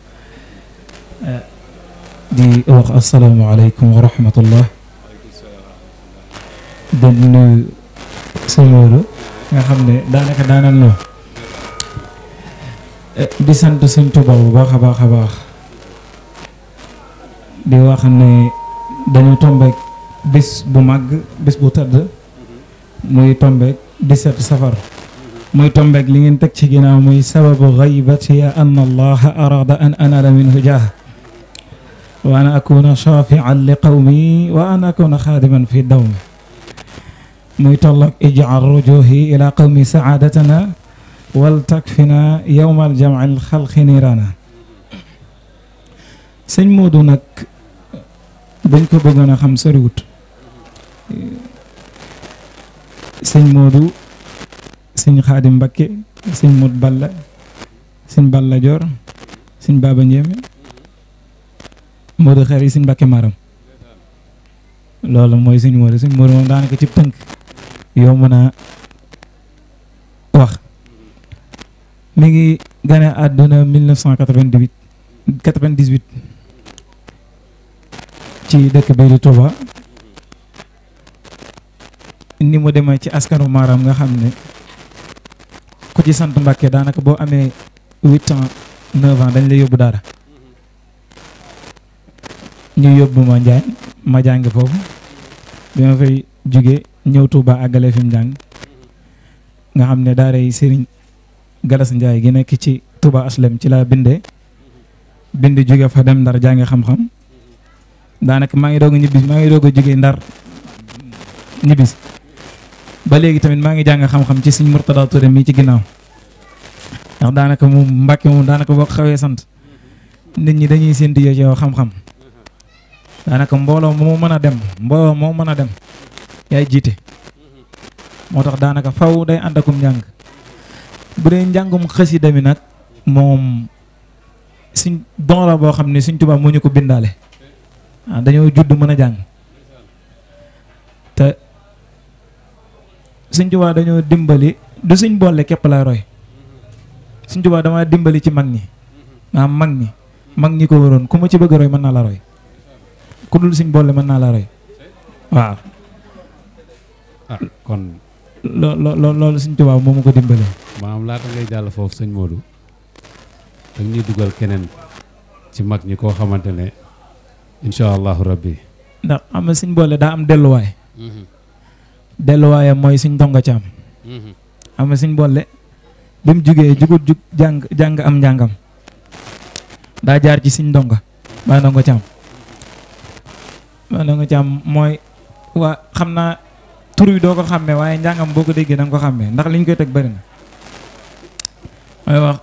di wax asalaamaaleykum wa rahmatullah di nuyu sëñ nga xam ne daanaka daanal noo di sant sëñ Tuubaa bu baax a baax a baax di wax ne dañu tombeek bis bu màgg bis bu tëdd muy tombeek 17 safar موي تومبك لي نتك سي غيناو موي سبب غيبتي ان الله اراد ان انا من وجاه وانا اكون شافعا لقومي وانا اكون خادما في الدوم موي تولك اجعل رجوهي الى قومي سعادتنا والتكفنا يوم الجمع الخلق نيرانا سن نك بنكو بغنا خمسة روت سن مودو sëñ Xaadim Mbakke sëñ Mut Balla sëñ Balla Joor sëñ Baaba Njéeme Moodu Xari sëñ Mbakke Maram loolu mooy sëñ Moodu sëñ Moodu ci tënk yow mën a wax mi ngi gane àdduna 1998 98 ci dëkk bii di Touba mu demee ci askanu Maram nga xam ne ku ci sant Mbàkke daanaka boo amee huit ans neuf dañ la yóbbu daara ñu yóbbu ma Njaay ma jàngi foofu bi ma fay ñëw Tuuba àggale fi nga xam ne daara yi Sëriñ Galas Njaay gi nekk ci Tuuba aslem ci laa bindee bind jóge fa dem Ndar jàngi xam-xam daanaka maa ngi doog ñibbis maa ngi doog a Ndar ñibbis ba léegi tamit maa ngi jàng xam-xam ci sëñ Mourtada Touré mii ci ginnaaw ndax daanaka mu Mbàkke moom daanaka boo xawee sant nit ñi dañuy séntu yow ci yow xam-xam daanaka mbooloo moo mën a dem mbooloo moo mën a dem yaay jiite moo tax daanaka faw day ànd akum njàng bu dee njàngum xasida mi nag moom suñ don boo xam ne suñ tubaab moo ñu ko bindaale ah, dañoo judd mën a jàng te sëñ Tuubaa dañoo dimbali du sëñ boole képp la roy suñ Tuubaa damaa dimbali ci mag ñi maanaam mag ñi mag ñi ko waroon ku ma ci bëgg roy mën naa la roy ku dul boole mën naa la roy waaw ah, kon loolu loolu sëñ Tuubaa moo ma ko dimbalee laa laata ngay jàll foofu sëñ Modou danga ñuy dugal keneen ci mag ñi koo xamante ne allahu rabbi ndax am na boole daa am delluwaay mm-hmm. delu waye moy seigne tonga cham hmm am seigne bi bim jugee jugut jug jang jang am jangam da jaar ci seigne tonga maa donga cham maa donga cham moy wa xamna turu do ko xamé waye jangam boko ko nang ko xamé ndax liñ koy tek bari na wax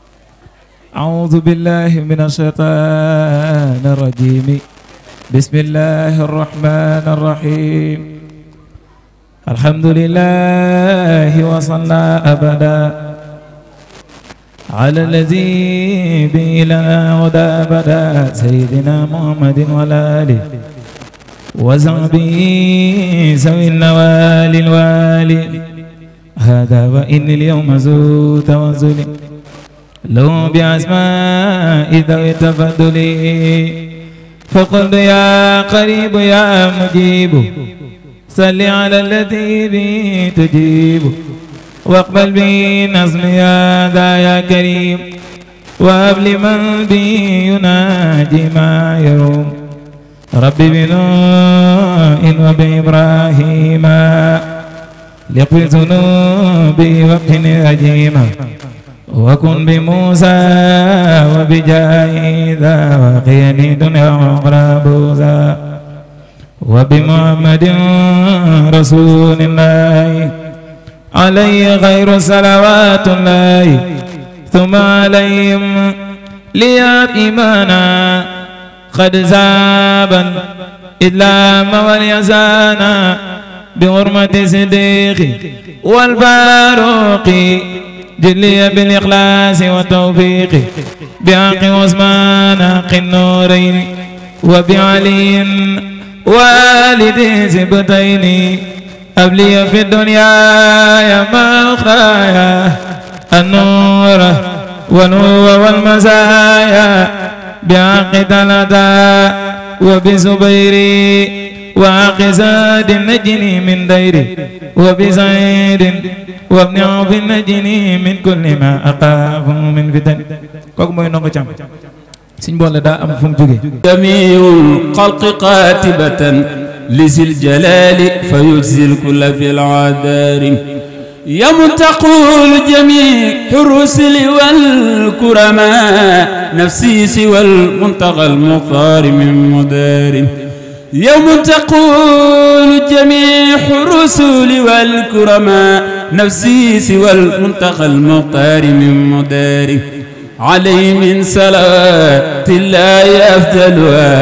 a'udhu billahi minash shaitanir rajim bismillahir rahmanir rahim الحمد لله وصلى أبدا على الذي بلا هدى أبدا سيدنا محمد والآله وزعبي سوي النوال الوالي هذا وإن اليوم زوت وزلي لو بأسماء ذوي تفضلي فقلت يا قريب يا مجيب صل على الذي به تجيب واقبل به نظم يا ذا يا كريم وهب لمن به يناجي ما يروم رب بنوء وبإبراهيم لقل ذنوبي وقن أجيما وكن بموسى وبجاهي ذا وقيني دنيا وأخرى بوزا وبمحمد رسول الله عليه غير صلوات الله ثم عليهم لياب إيمانا قد زابا ما وليزانا بغرمة صديقي والفاروق جلي بالإخلاص والتوفيق بحق عثمان حق النورين وبعلي والدي سبتيني أبلي في الدنيا يا مخايا النور والنور والمزايا بعقد الأداء وبزبيري وعقزاد النجني من ديري وبزيد وابن عوف النجني من كل ما أقاه من فتن كوك موي نونغو سين بولا دا ام فوم جوغي جميع jamiul قاتبه qaatibatan lisil jalaali fa في العذار يوم تقول جميع الرسل والكرماء نفسي سوى المنتقى المختار من مدار يوم تقول جميع الرسل والكرماء نفسي سوى المنتقى المختار من مدار عليه من صلاة الله أفضلها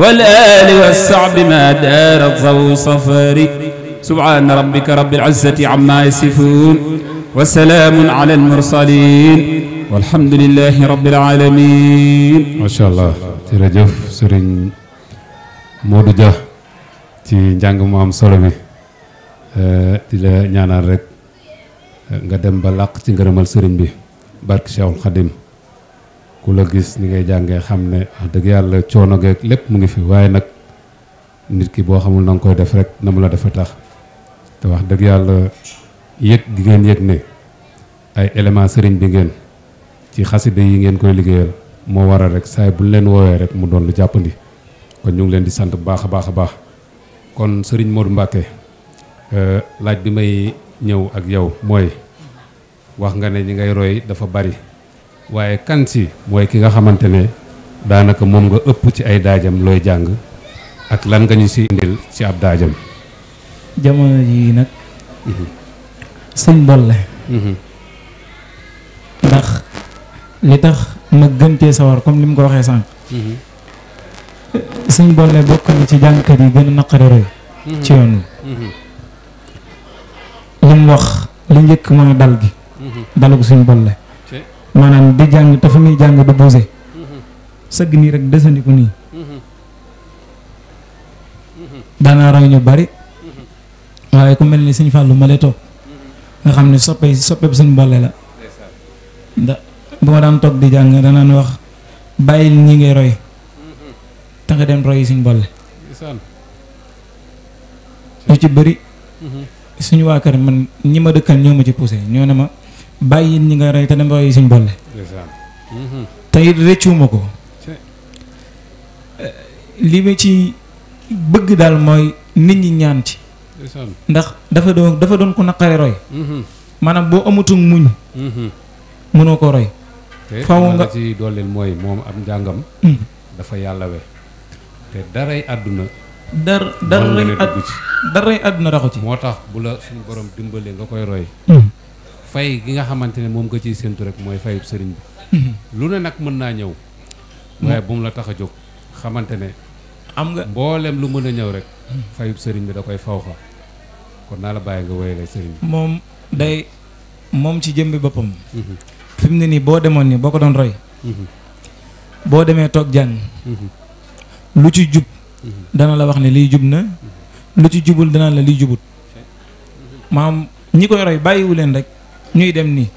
والآل والصعب ما دارت ضوء صفري سبحان ربك رب العزة عما يصفون وسلام على المرسلين والحمد لله رب العالمين ما شاء الله jërëjëf sëriñ Modou Dia ci njàng mu am solo mi di la ñaanal nga dem ba làq ci bi barke Cheikhul Khadim ku la gis ni ngay jàngee xam ne wax dëgg yàlla coono geeg lépp mu ngi fi waaye nag nit ki boo xamul na nga koy def rek na mu la tax te wax dëgg yàlla yëg gi ngeen yëg ne ay élément sëriñ bi ngeen ci xasida yi ngeen koy liggéeyal moo rek saay buñ leen woowee rek mu doon lu jàppandi kon ñu ngi leen di sant bu baax a baax a baax kon sëriñ Modou Mbacke euh, laaj bi may ñëw ak yow mooy wax nga ne ñi ngay roy dafa bari waye kan si moy ki nga xamantene ne daanaka moom nga ëpp ci ay dajam loy jang ak lan nga ñu ci indil ci ab dajam jamono ji nak mhm. sëñ bolle mhm. ndax li tax ma gënte sawar comme lim mu ko waxee sànq mhm. sëñ bolle bokk ni ci jàngkat yi gën a naqari ci yoon wax li dal gi dalu bolle maanaam di jàng te fa muy jàng du buuse mhm. sëgg nii rek desandiku nii mhm. Mhm. daanaa roy ñu bari waaye ku mel ni sëñ Fallou ma lay toog nga xam ne soppe soppe bu sëñ Balla la da bu ma daan toog di jàng danaan wax bàyyil ñi ngay roy te nga dem roy sëñ Balla lu ci bëri suñu waa kër man ñi ma dëkkal ñoo ma ci poussé ñoo ne ma bàyyi ñi nga rey te dem roy suñ boole te it rëccuuma ko eh, lii ma ci bëgg daal mooy nit ñi ñaan ci ndax dafa doon dafa doon ko naqare roy mm-hmm. maanaam boo amatul muñ mm-hmm. mënoo ko roy faw nga ci dooleel mooy moom am njàngam mm. dafa yàlla we te daray àdduna dar daray àdduna raxu ci moo tax bu la suñu borom dimbalee nga koy roy mm. fay ki nga xamante ne moom nga ciy séntu rek mooy fayub sëriñ bi. Mhm. lu ne nag mën naa ñëw. waaye bu mu la tax a jóg xamante ne. am nga mboolem lu mën a ñëw rek. Mhm. fayub sëriñ bi da koy faw fa kon naa la bàyyi nga woyalee sëriñ bi. moom day moom ci jëmbi boppam. Mhm. fi mu ne nii boo demoon nii boo ko doon roy. boo demee toog jàng. lu ci jub. dana la wax ne liy jub na. lu ci jubul dana la liy jubut. maam ñi koy roy bàyyiwu leen rek. ñuy dem nii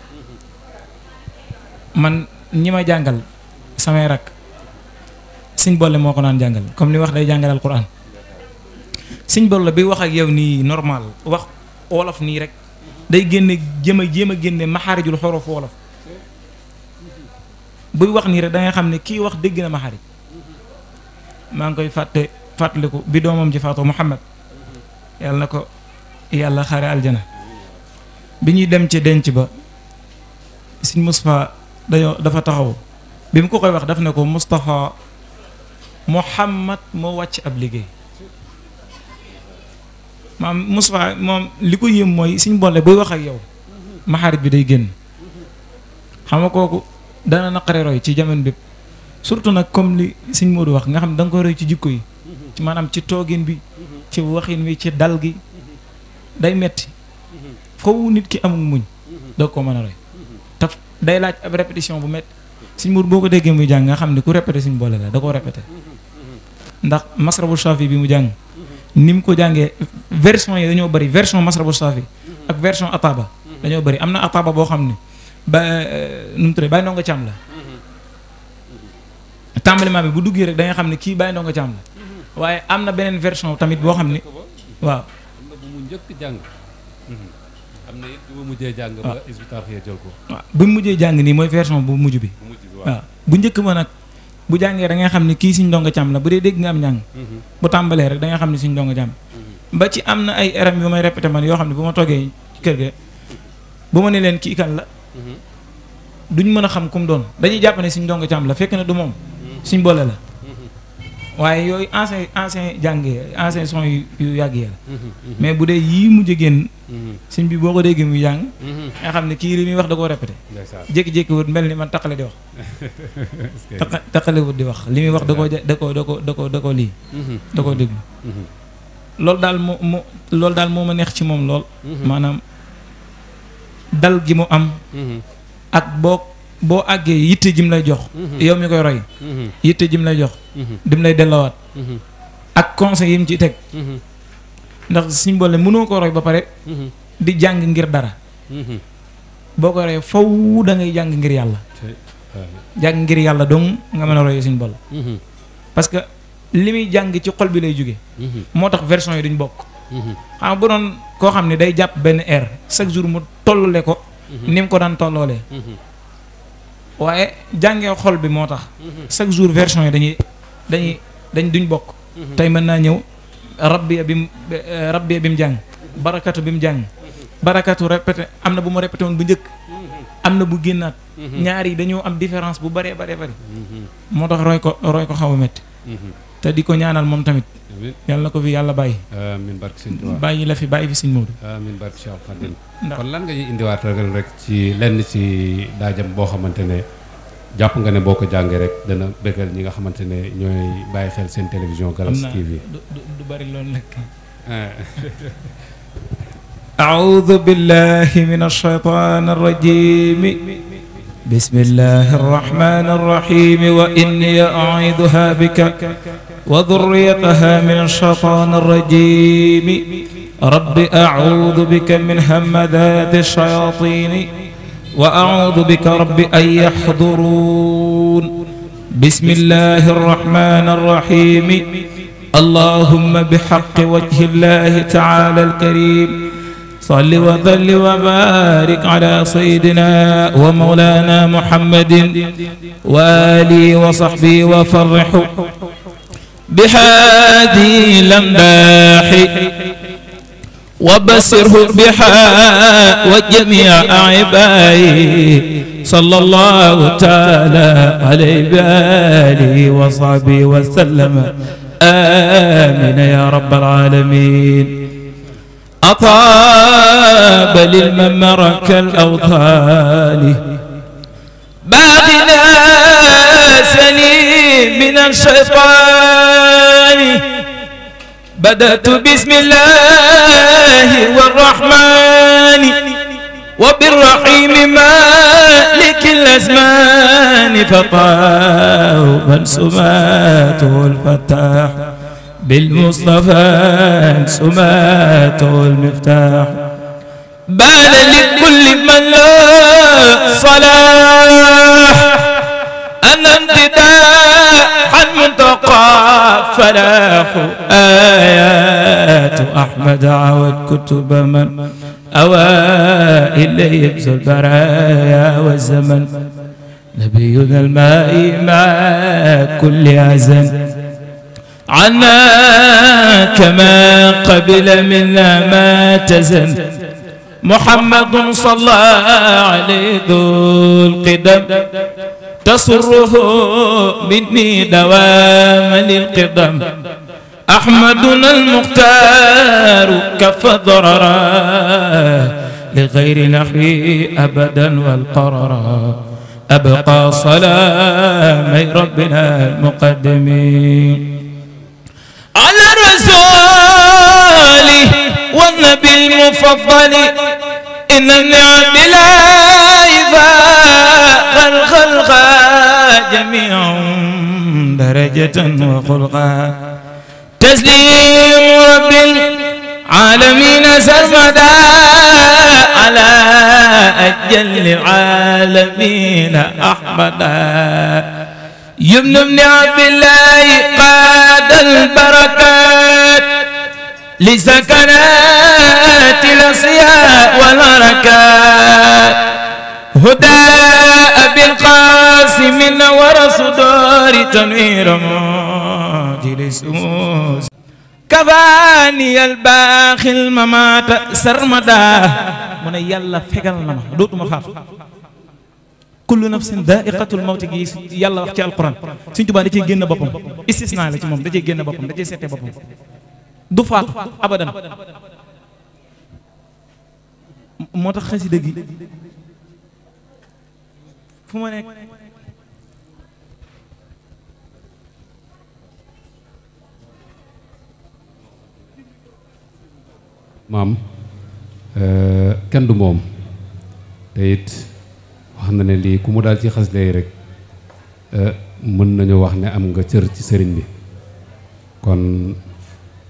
man ñi ma jàngal samay rak siñ boole moo ko naan jàngal comme ni wax day jàngal alquran siñ boole bi wax ak yow nii normal wax wolof nii rek day génne jëm a jéem a génne maxaarijul xorof wolof buy wax nii rek da xam ne kii wax dégg na maxaarij maa ngi koy fàtte fàttaliku bi doomam ji faatu Muhammad yàlla na ko yàlla xare aljana bi ñuy dem ci denc ba sëñ Moustapha dañoo dafa taxaw bi mu ko koy wax daf ne ko Moustapha Muhammad moo wàcc ab liggéey maam Moustapha moom li ko yëm mooy sëñ mboole buy wax ak yow maxaarit bi day génn xam nga kooku dana naqare yi ci jamono bépp surtout nag comme li sëñ Modou wax nga xam ne danga nga koy roy ci jikko yi ci maanaam ci toogin bi ci waxin wi ci dal gi day metti foofu nit ki amul muñ doo ko mën a roy taf day laaj ab répétition bu métti suñ mur boo ko déggee muy jàng nga xam ne ku répété suñ boole la da koo répété ndax masrabu shafi bi mu jàng ni mu ko jàngee version yi dañoo bëri version masrabu shafi ak version ataba dañoo bëri am na ataba boo xam ne ba nu mu tuddee bàyyi ndongo càmm la tàmbaliment bi bu duggee rek da nga xam ne kii bàyyi ndongo càmm la waaye am na beneen version tamit boo xam ne xam ne it ah. ko waaw ah. bu mu mujjee jàng nii mooy version bu mujj bi waaw ah. bu njëkk ba nag bu jàngee da ngay xam ne kii suñ ndongo càmm la bu dee dégg nga am njàng mhm. bu tàmbalee rek da nga xam ne suñ ndongo càmm mhm. ba ci am na ay RM yu may répété yoo xam ne bu ma toogee kër ga bu ma ne leen kii kan la mhm. duñ mën a xam ku mu doon dañuy jàpp ne suñ ndongo càmm la fekk na du moom suñ boole la waaye yooyu ensin ancien ancien jàngee ancien son yu yu yàgg yi la mhm, mhm. mais bu dee yii mu génn mhm. sëñ bi boo ko déggee muy jàng nga xam ne kii li muy wax da koo répété jékki-jékki wut mel ni man taqale di wax taqale wut di wax li muy wax da koo da koo da koo da lii da koo déglu loolu daal moo moo loolu daal moo ma neex ci moom lool maanaam dal gi mu am ak boog bo agge yitte jim lay jox mhm. yow mi koy roy mhm. yitte jim lay jox mhm. dim lay delawat ak conseil yim ci tek ndax simbolé mëno ko roy ba paré di jang ngir dara boko roy faw da ngay jang ngir yalla jang ngir yalla dong nga mëna simbol. Pas ke limi parce que limi jang ci xol bi lay jóge motax version yi duñ bok xam bu don tolole. xamni day japp ben air chaque jour mu ko nim ko dan waaye jàngee xol bi moo tax chaque jour version yi dañuy dañuy dañ duñ bokk tey mën naa ñëw rabbiya bi mu rabbiya bi mu jàng barakatu bi mu jàng barakatu répété am na bu ma répété woon bu njëkk am na bu génnaat ñaar yi dañoo am différence bu bëree bëree bëri moo tax roy ko roy ko xaw a métti te di ko ñaanal moom tamit. yàlla na ko fi yàlla bàyyi. amiin barke sëñ Tuubaa bàyyi la fi bàyyi fi sëñ Moodu. amiin barke Cheikh Khadim. kon lan nga ñuy indiwaat rek ci lenn ci daajam boo xamante ne jàpp nga ne boo ko jàngee rek dana bëggal ñi nga xamante ne ñooy bàyyi xel seen télévision. Galass TV du du bari loolu nag. أعوذ بالله من الشيطان الرجيم بسم الله الرحمن الرحيم وإني أعيذها بك وذريتها من الشيطان الرجيم رب أعوذ بك من همذات الشياطين وأعوذ بك رب أن يحضرون بسم الله الرحمن الرحيم اللهم بحق وجه الله تعالى الكريم صل وظل وبارك على سيدنا ومولانا محمد وآله وصحبه وفرحه بحادي لمباح وبصره بحاء وجميع أعبائي صلى الله تعالى عليه بآله وصحبه وسلم آمين يا رب العالمين أطاب للممرك الأوطان باغنا سليم من الشيطان بدأت بسم الله والرحمن وبالرحيم مالك الأزمان فطاه منسوماته الفتاح بالمصطفى سماته المفتاح بان لكل من لا صلاح أن امتداد عن ينتقى فلاح آيات أحمد عود كتب من أوائل إليه البرايا والزمن نبينا الماء مع كل عزم عنا كما قبل منا ما تزن محمد صلى عليه ذو القدم تسره مني دوام للقدم أحمدنا المختار كف ضررا لغير نحوي أبدا والقرر أبقى من ربنا المقدمين على رسوله والنبي المفضل إن النعم لا جميع درجة وخلقا تسليم رب العالمين سرمدا على أجل العالمين أحمدا يمن بن عبد الله قاد البركات لسكنات الأصياء والبركات هدى أبي القاسم نور صدور تنوير مجلس كفاني الباخل الممات سرمدا من يلا فقل نما دوت مخاف كل نفس دائقة الموت يلا وقت القرآن سنتو بعد تيجي جنة بابم استثناء لك مم تيجي جنة بابم تيجي سنتي بابم دفاع أبدا موتا tax xasida fu ma nekk maam euh, kenn du moom te it wax na ne lii ku mu daal ci xas day rek euh, mën nañu wax ne am nga cër ci sëriñ bi kon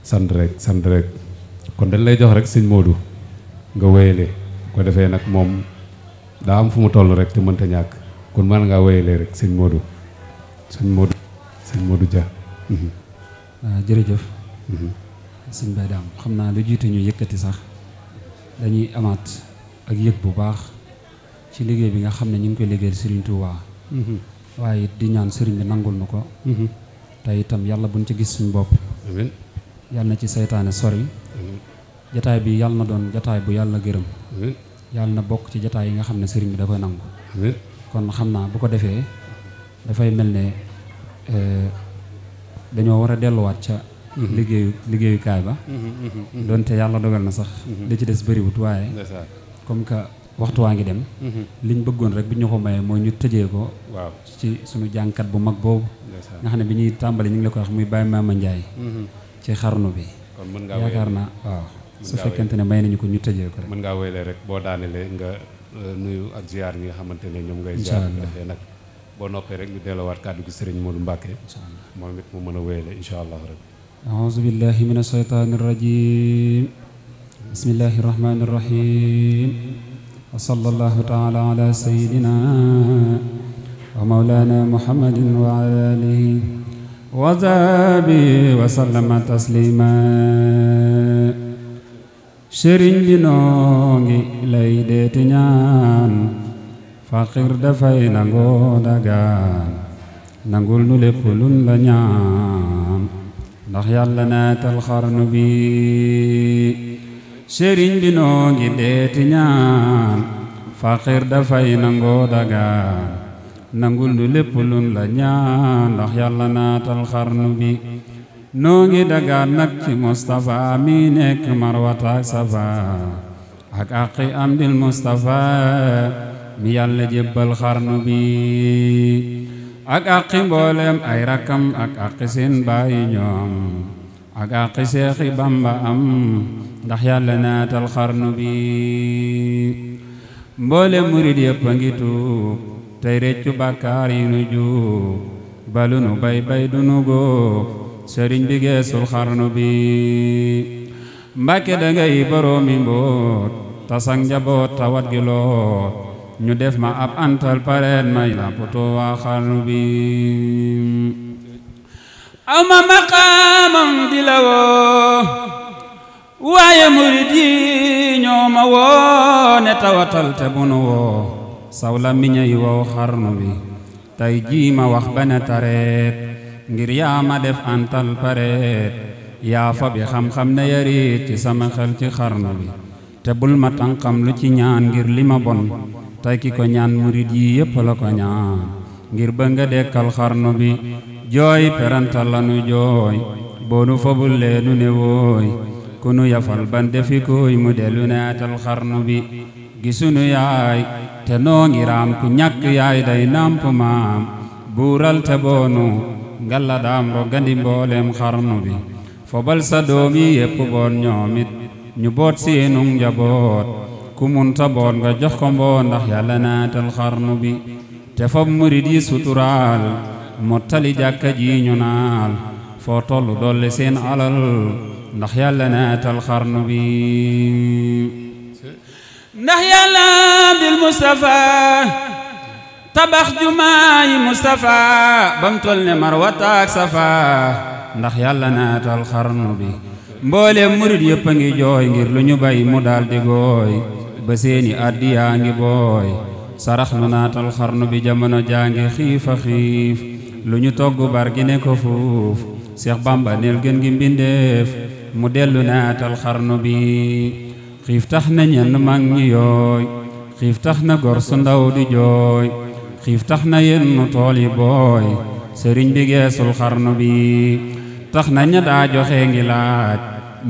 sant rek sant rek kon dañ lay jox rek sëñ Modou nga wéyale ko defee nag moom daa am fu mu toll rek te mënta ñàkk kon mën ngaa wéyalee rek sëñ Modou sëñ Modou sëñ Modou Dia. waaw mhm. mhm. ah, jërëjëf. Mhm. sëñ Baye Dame xam naa lu jiite ñu yëkkati sax dañuy amaat ak yëg bu baax ci liggéey bi nga xam ne ñu ngi koy liggéeyal Serigne Touba. waaye di ñaan sëriñ bi nangul nu ko. te itam yàlla buñ ci gis suñu bopp. amiin yàlla na ci seytaane sori. jataay bi yàlla na doon jataay bu yàlla gërëm. yàlla na bokk ci jataay yi nga xam ne sëriñ bi da koy nangu. kon xam naa bu ko defee dafay mel ne euh, dañoo war a delluwaat ca mhm. liggéeyu liggéeyukaay ba mhm, mhm, donte yàlla dogal na sax li ci des bëriwut waaye comme que waxtu waa ngi dem liñ bëggoon rek bi ñu ko mayee mooy ñu tëjee ko waaw ci suñu jànkat bu mag boobu nga xam ne bi ñuy tàmbali ñu ngi la ko wax muy Baye Mama Ndiaye ci xarnu bi yaakaar naa waaw su fekkente ne may nañu ko ñu tëjee ko rek mën nga nuyu ak ziar ñi nga xamante ne ñoom ngay ziar defee nag boo noppee rek ñu delluwaat kàddu gi sëriñ Modou Mbacke moom it mu mën a wéyale incha allah rek أعوذ بالله من الشيطان الرجيم بسم الله الرحمن الرحيم وصلى الله تعالى على سيدنا ومولانا محمد وعلى آله وصحبه وسلم تسليما sëriñ bi noo ngi lay deeti ñaan faqir dafay nangoo dagaan nangul nu lépp lun la ñaan ndax yàlla naatal xarnu bi bi noo ngi deeti ñaan faqir nu lépp lun la ñaan ndax noo ngi dagaan nag ci Moustapha mi nekk marwata safa ak àqi am dil Moustapha mi yàlla jébbal xarnu bi ak àqi mbooleem ay rakkam ak àqi seen bàyyi ñoom ak àqi seexi Bamba am ndax yàlla naatal xarnu bi mbooleem murid yépp a ngi tuub tey reccu bàkkaar yi nu juub balu nu bay bay du nu góob sëriñ bi geesul xarnu bi mbàkke da ngay boroomi mbóot tasak jabot tawat gi loot ñu def ma ab antal pareet may poto wa xarnu bi amma maqamam maqaamam di la woo waaye murit ne tawatal te bunu wo sawla miñay wo xarnu bi tay ji ma wax ba ngir yaa ma def antal pare, ya fa bi xam-xam ne yari ci sama xel ci xarna bi te bul ma tankam lu ci ñaan ngir lima bon tay ki ko ñaan murid yi yep la ko ñaan ngir ba nga dekkal xarna bi joy perantal lanu bonu fa nu fobul leenu ne woy ku nu yafal ban defi koy mu dellu tal xarna bi gisunu yaay te no ngi raam ku ñak yaay day nàmp maam bural te bonu ngalla daam roggandi mboolem xarnu bi fobal sa doom yi yépp boot ñoomit ñu boot seenu njaboot ku munta boot nga jox ko mboo ndax yàlla naatal xarnu bi te fob murid yi suturaal mottali jàkka ji ñu naal foo tollu dolli seen alal ndax yàlla naatal xarnu bi ndax yàlla bil Mustafa tabax jumaay Mustafa bam tolne ne marwata ak safa ndax yàlla naatal xarnu bi mboolem murit ngi joy ngir lu bay mu daal di gooy ba seeni adiya ngi boy sarax lu naatal bi jamono jangi ngi khif luñu lu togg bar gi ne ko fuf cheikh bamba nel gën gi mbindef mu dellu naatal xarnu bi mag ñi gor su ndaw di joy xif taxna na yenn tool yi booy bi geesul xarnu bi taxna na ña daa joxe ngi laaj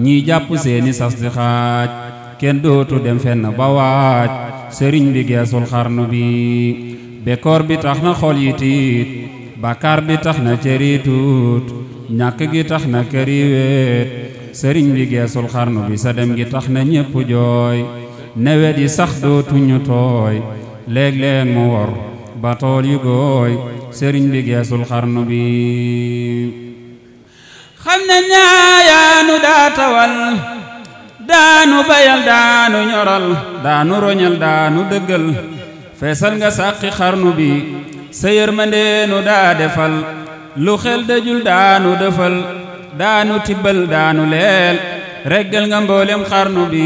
ñi japp seeni sas di xaaj dootu dem fenn ba waaj serigne bi geesul xarnu bi bekkoor bi taxna xol yi tiit bàkkaar bi taxna na cëri tuut gi taxna keri këri serigne bi geesul xarnu bi sa dem gi taxna ñepp joy newet yi sax ñu toy leg leg mu wor ba tool yu gooy sëriñ bi geesul xarnu bi xam na ñaayaanu daa tawal daanu bayal daanu ñoral daanu roñal daanu dëggal feesal nga sàqi xarnu bi ma yërmandeenu daa defal lu xel dajul daanu defal daanu tibbal daanu leel reggal nga mboolem xarnu bi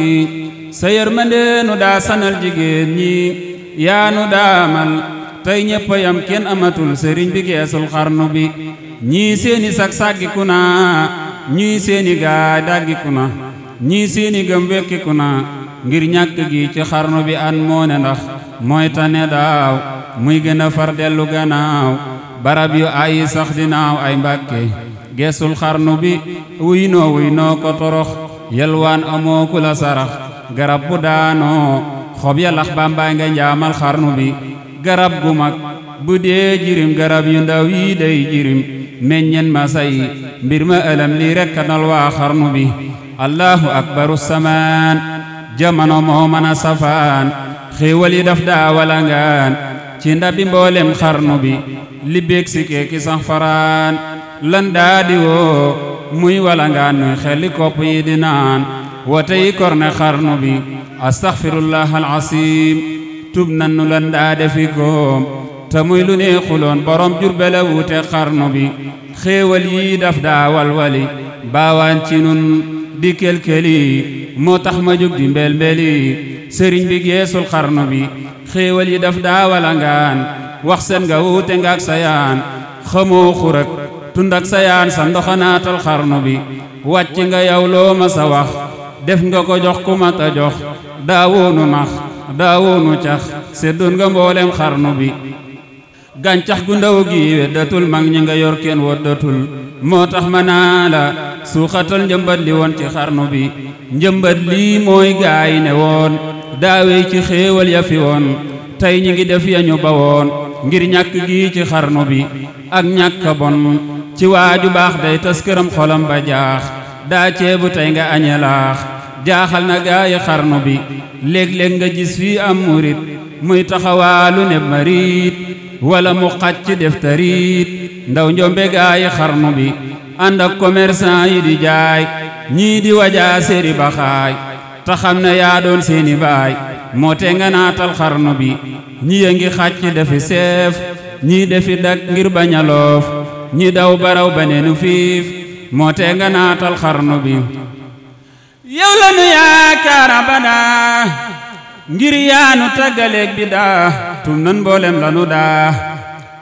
sa yërmandeenu daa sanal jigéen ñi yaanu daamal tay ñepp a yam kenn amatul sëriñ bi geesul xarnu bi ñi seeni sag saggi kuna ñi seeni ga daggi kuna ñi seeni gëm kuna ngir ñak gi ci xarnu bi an mo ne ndax moy tane daaw muy gëna far delu gënaaw barab yu ay sax dinaaw ay mbàkke geesul xarnu bi wuy no wuy no ko torox yelwaan amoo la sarax garab bu daano xob ya lax bamba nga xarnu bi garab gu mag bu dee jirim garab yu ndaw yi day jirim meññen ma say mbir ma alam lii rekk nal xarnu bi allahu akbaru samaan jamano moo safaan xéewal yi daf daa walangaan ci ndabi mboolem xarnu bi li béeg keeki sax lan daa di woo muy walangaan nuy xelli kopp yi wa tey korne xarnu bi astaxfirullah asiim tub nannu lan daa defi koom te muy lu nee xuloon borom jurbel a xarnu bi xéewal yii daf daa walwali baawaan ci nun di kelkeli moo tax ma jóg di mbel mbeli sëriñ bi geesul xarnu bi xéewal yi daf daa walangaan wax seen nga wute nga ak sa yaan xamoo xurak tund ak sa yaan sa ndoxanaatal xarnu bi wàcc nga yow loo ma sa wax def nga ko jox ku ma jox daa woonu max daawunu cax sedun nga mbollem xarnu bi gàncax gu ndaw gi wedatul mag ñi nga yor kenn wodatul motax manala ma naa li ci xarnu bi njëmbat lii gaay ne won dawe ci xewal ya fi won tay ñi ngi def yañu bawon ngir ñak gi ci xarnu bi ak ñak bon ci waju bax day tas xolam ba jaax ci bu tay nga jaaxal na gaay xarnu bi léeg-léeg nga gis fii am murit muy taxawaalu ne mariit wala mu xacc def tariit ndaw njombe gaay xarnu bi ànd ak yi di jaay ñii di wajaa séri baxaay te xam ne yaa doon seeni baay moo te nga naatal xarnu bi ñi a ngi xacc defi seef ñii defi dak ngir bañ a loof ñi daw baraw ba neenu fiif moo te nga naatal xarnu bi yow la nu yaakaar abada ngir yaanu tàggaleeg bi daa tum nan mboolem la nu daa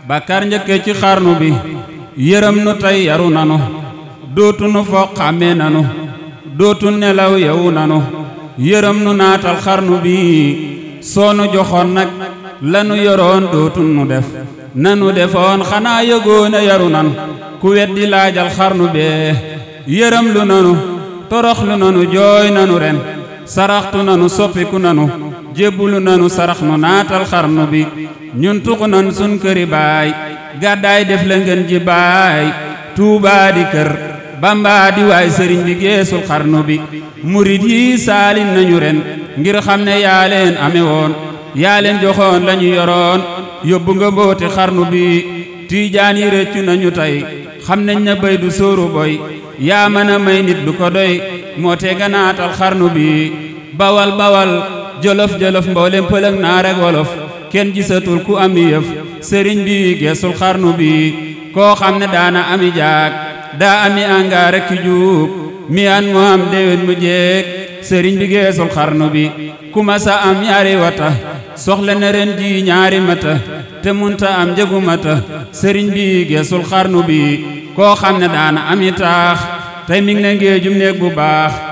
bàkkaar njëkke ci xarnu bi yërëm nu tey yaru nanu dootu nu foog xàmmee nanu dootu nelaw yewu nanu yërëm nu naatal xarnu bi soo nu joxoon nag lanu yoroon dootu nu def nanu defoon xanaa yëgoona yaru nanu ku weddi laajal xarnu bee yërëm lu nanu toroxlu nanu jooy nanu ren saraxtu nanu soppiku nanu jébbulu nanu sarax nu naatal xarnu bi ñun tuxu nan sun baay gàddaay def la ngeen ji baay tuubaa di kër bambaa waay sëriñ bi geesul xarnu bi murit yi saalin nañu ren ngir xam ne yaa leen ame woon yaa leen joxoon la yoroon yóbbu nga mbooti xarnu bi tiijaan yi rëccu nañu tey xam nañ na béy du sóoru yaa a may nit lu ko doy moo te ganaatal xarnu bi bawal bawal jolof-jolof mboolem pëlëg naar ak kenn gisatul ku am yëf sëriñ bi geesul xarnu bi koo xam ne daana ami jaag daa ami angaar ak ki juub mi an am déwén mu jeeg sëriñ bi geesul xarnu bi ku ma am ñaari wata soxla na ren ñaari mata te munta am njëgu mata sëriñ bi geesul xarnu bi boo xam ne daana am i taax tey mi ngi ne ngéejum néeg bu baax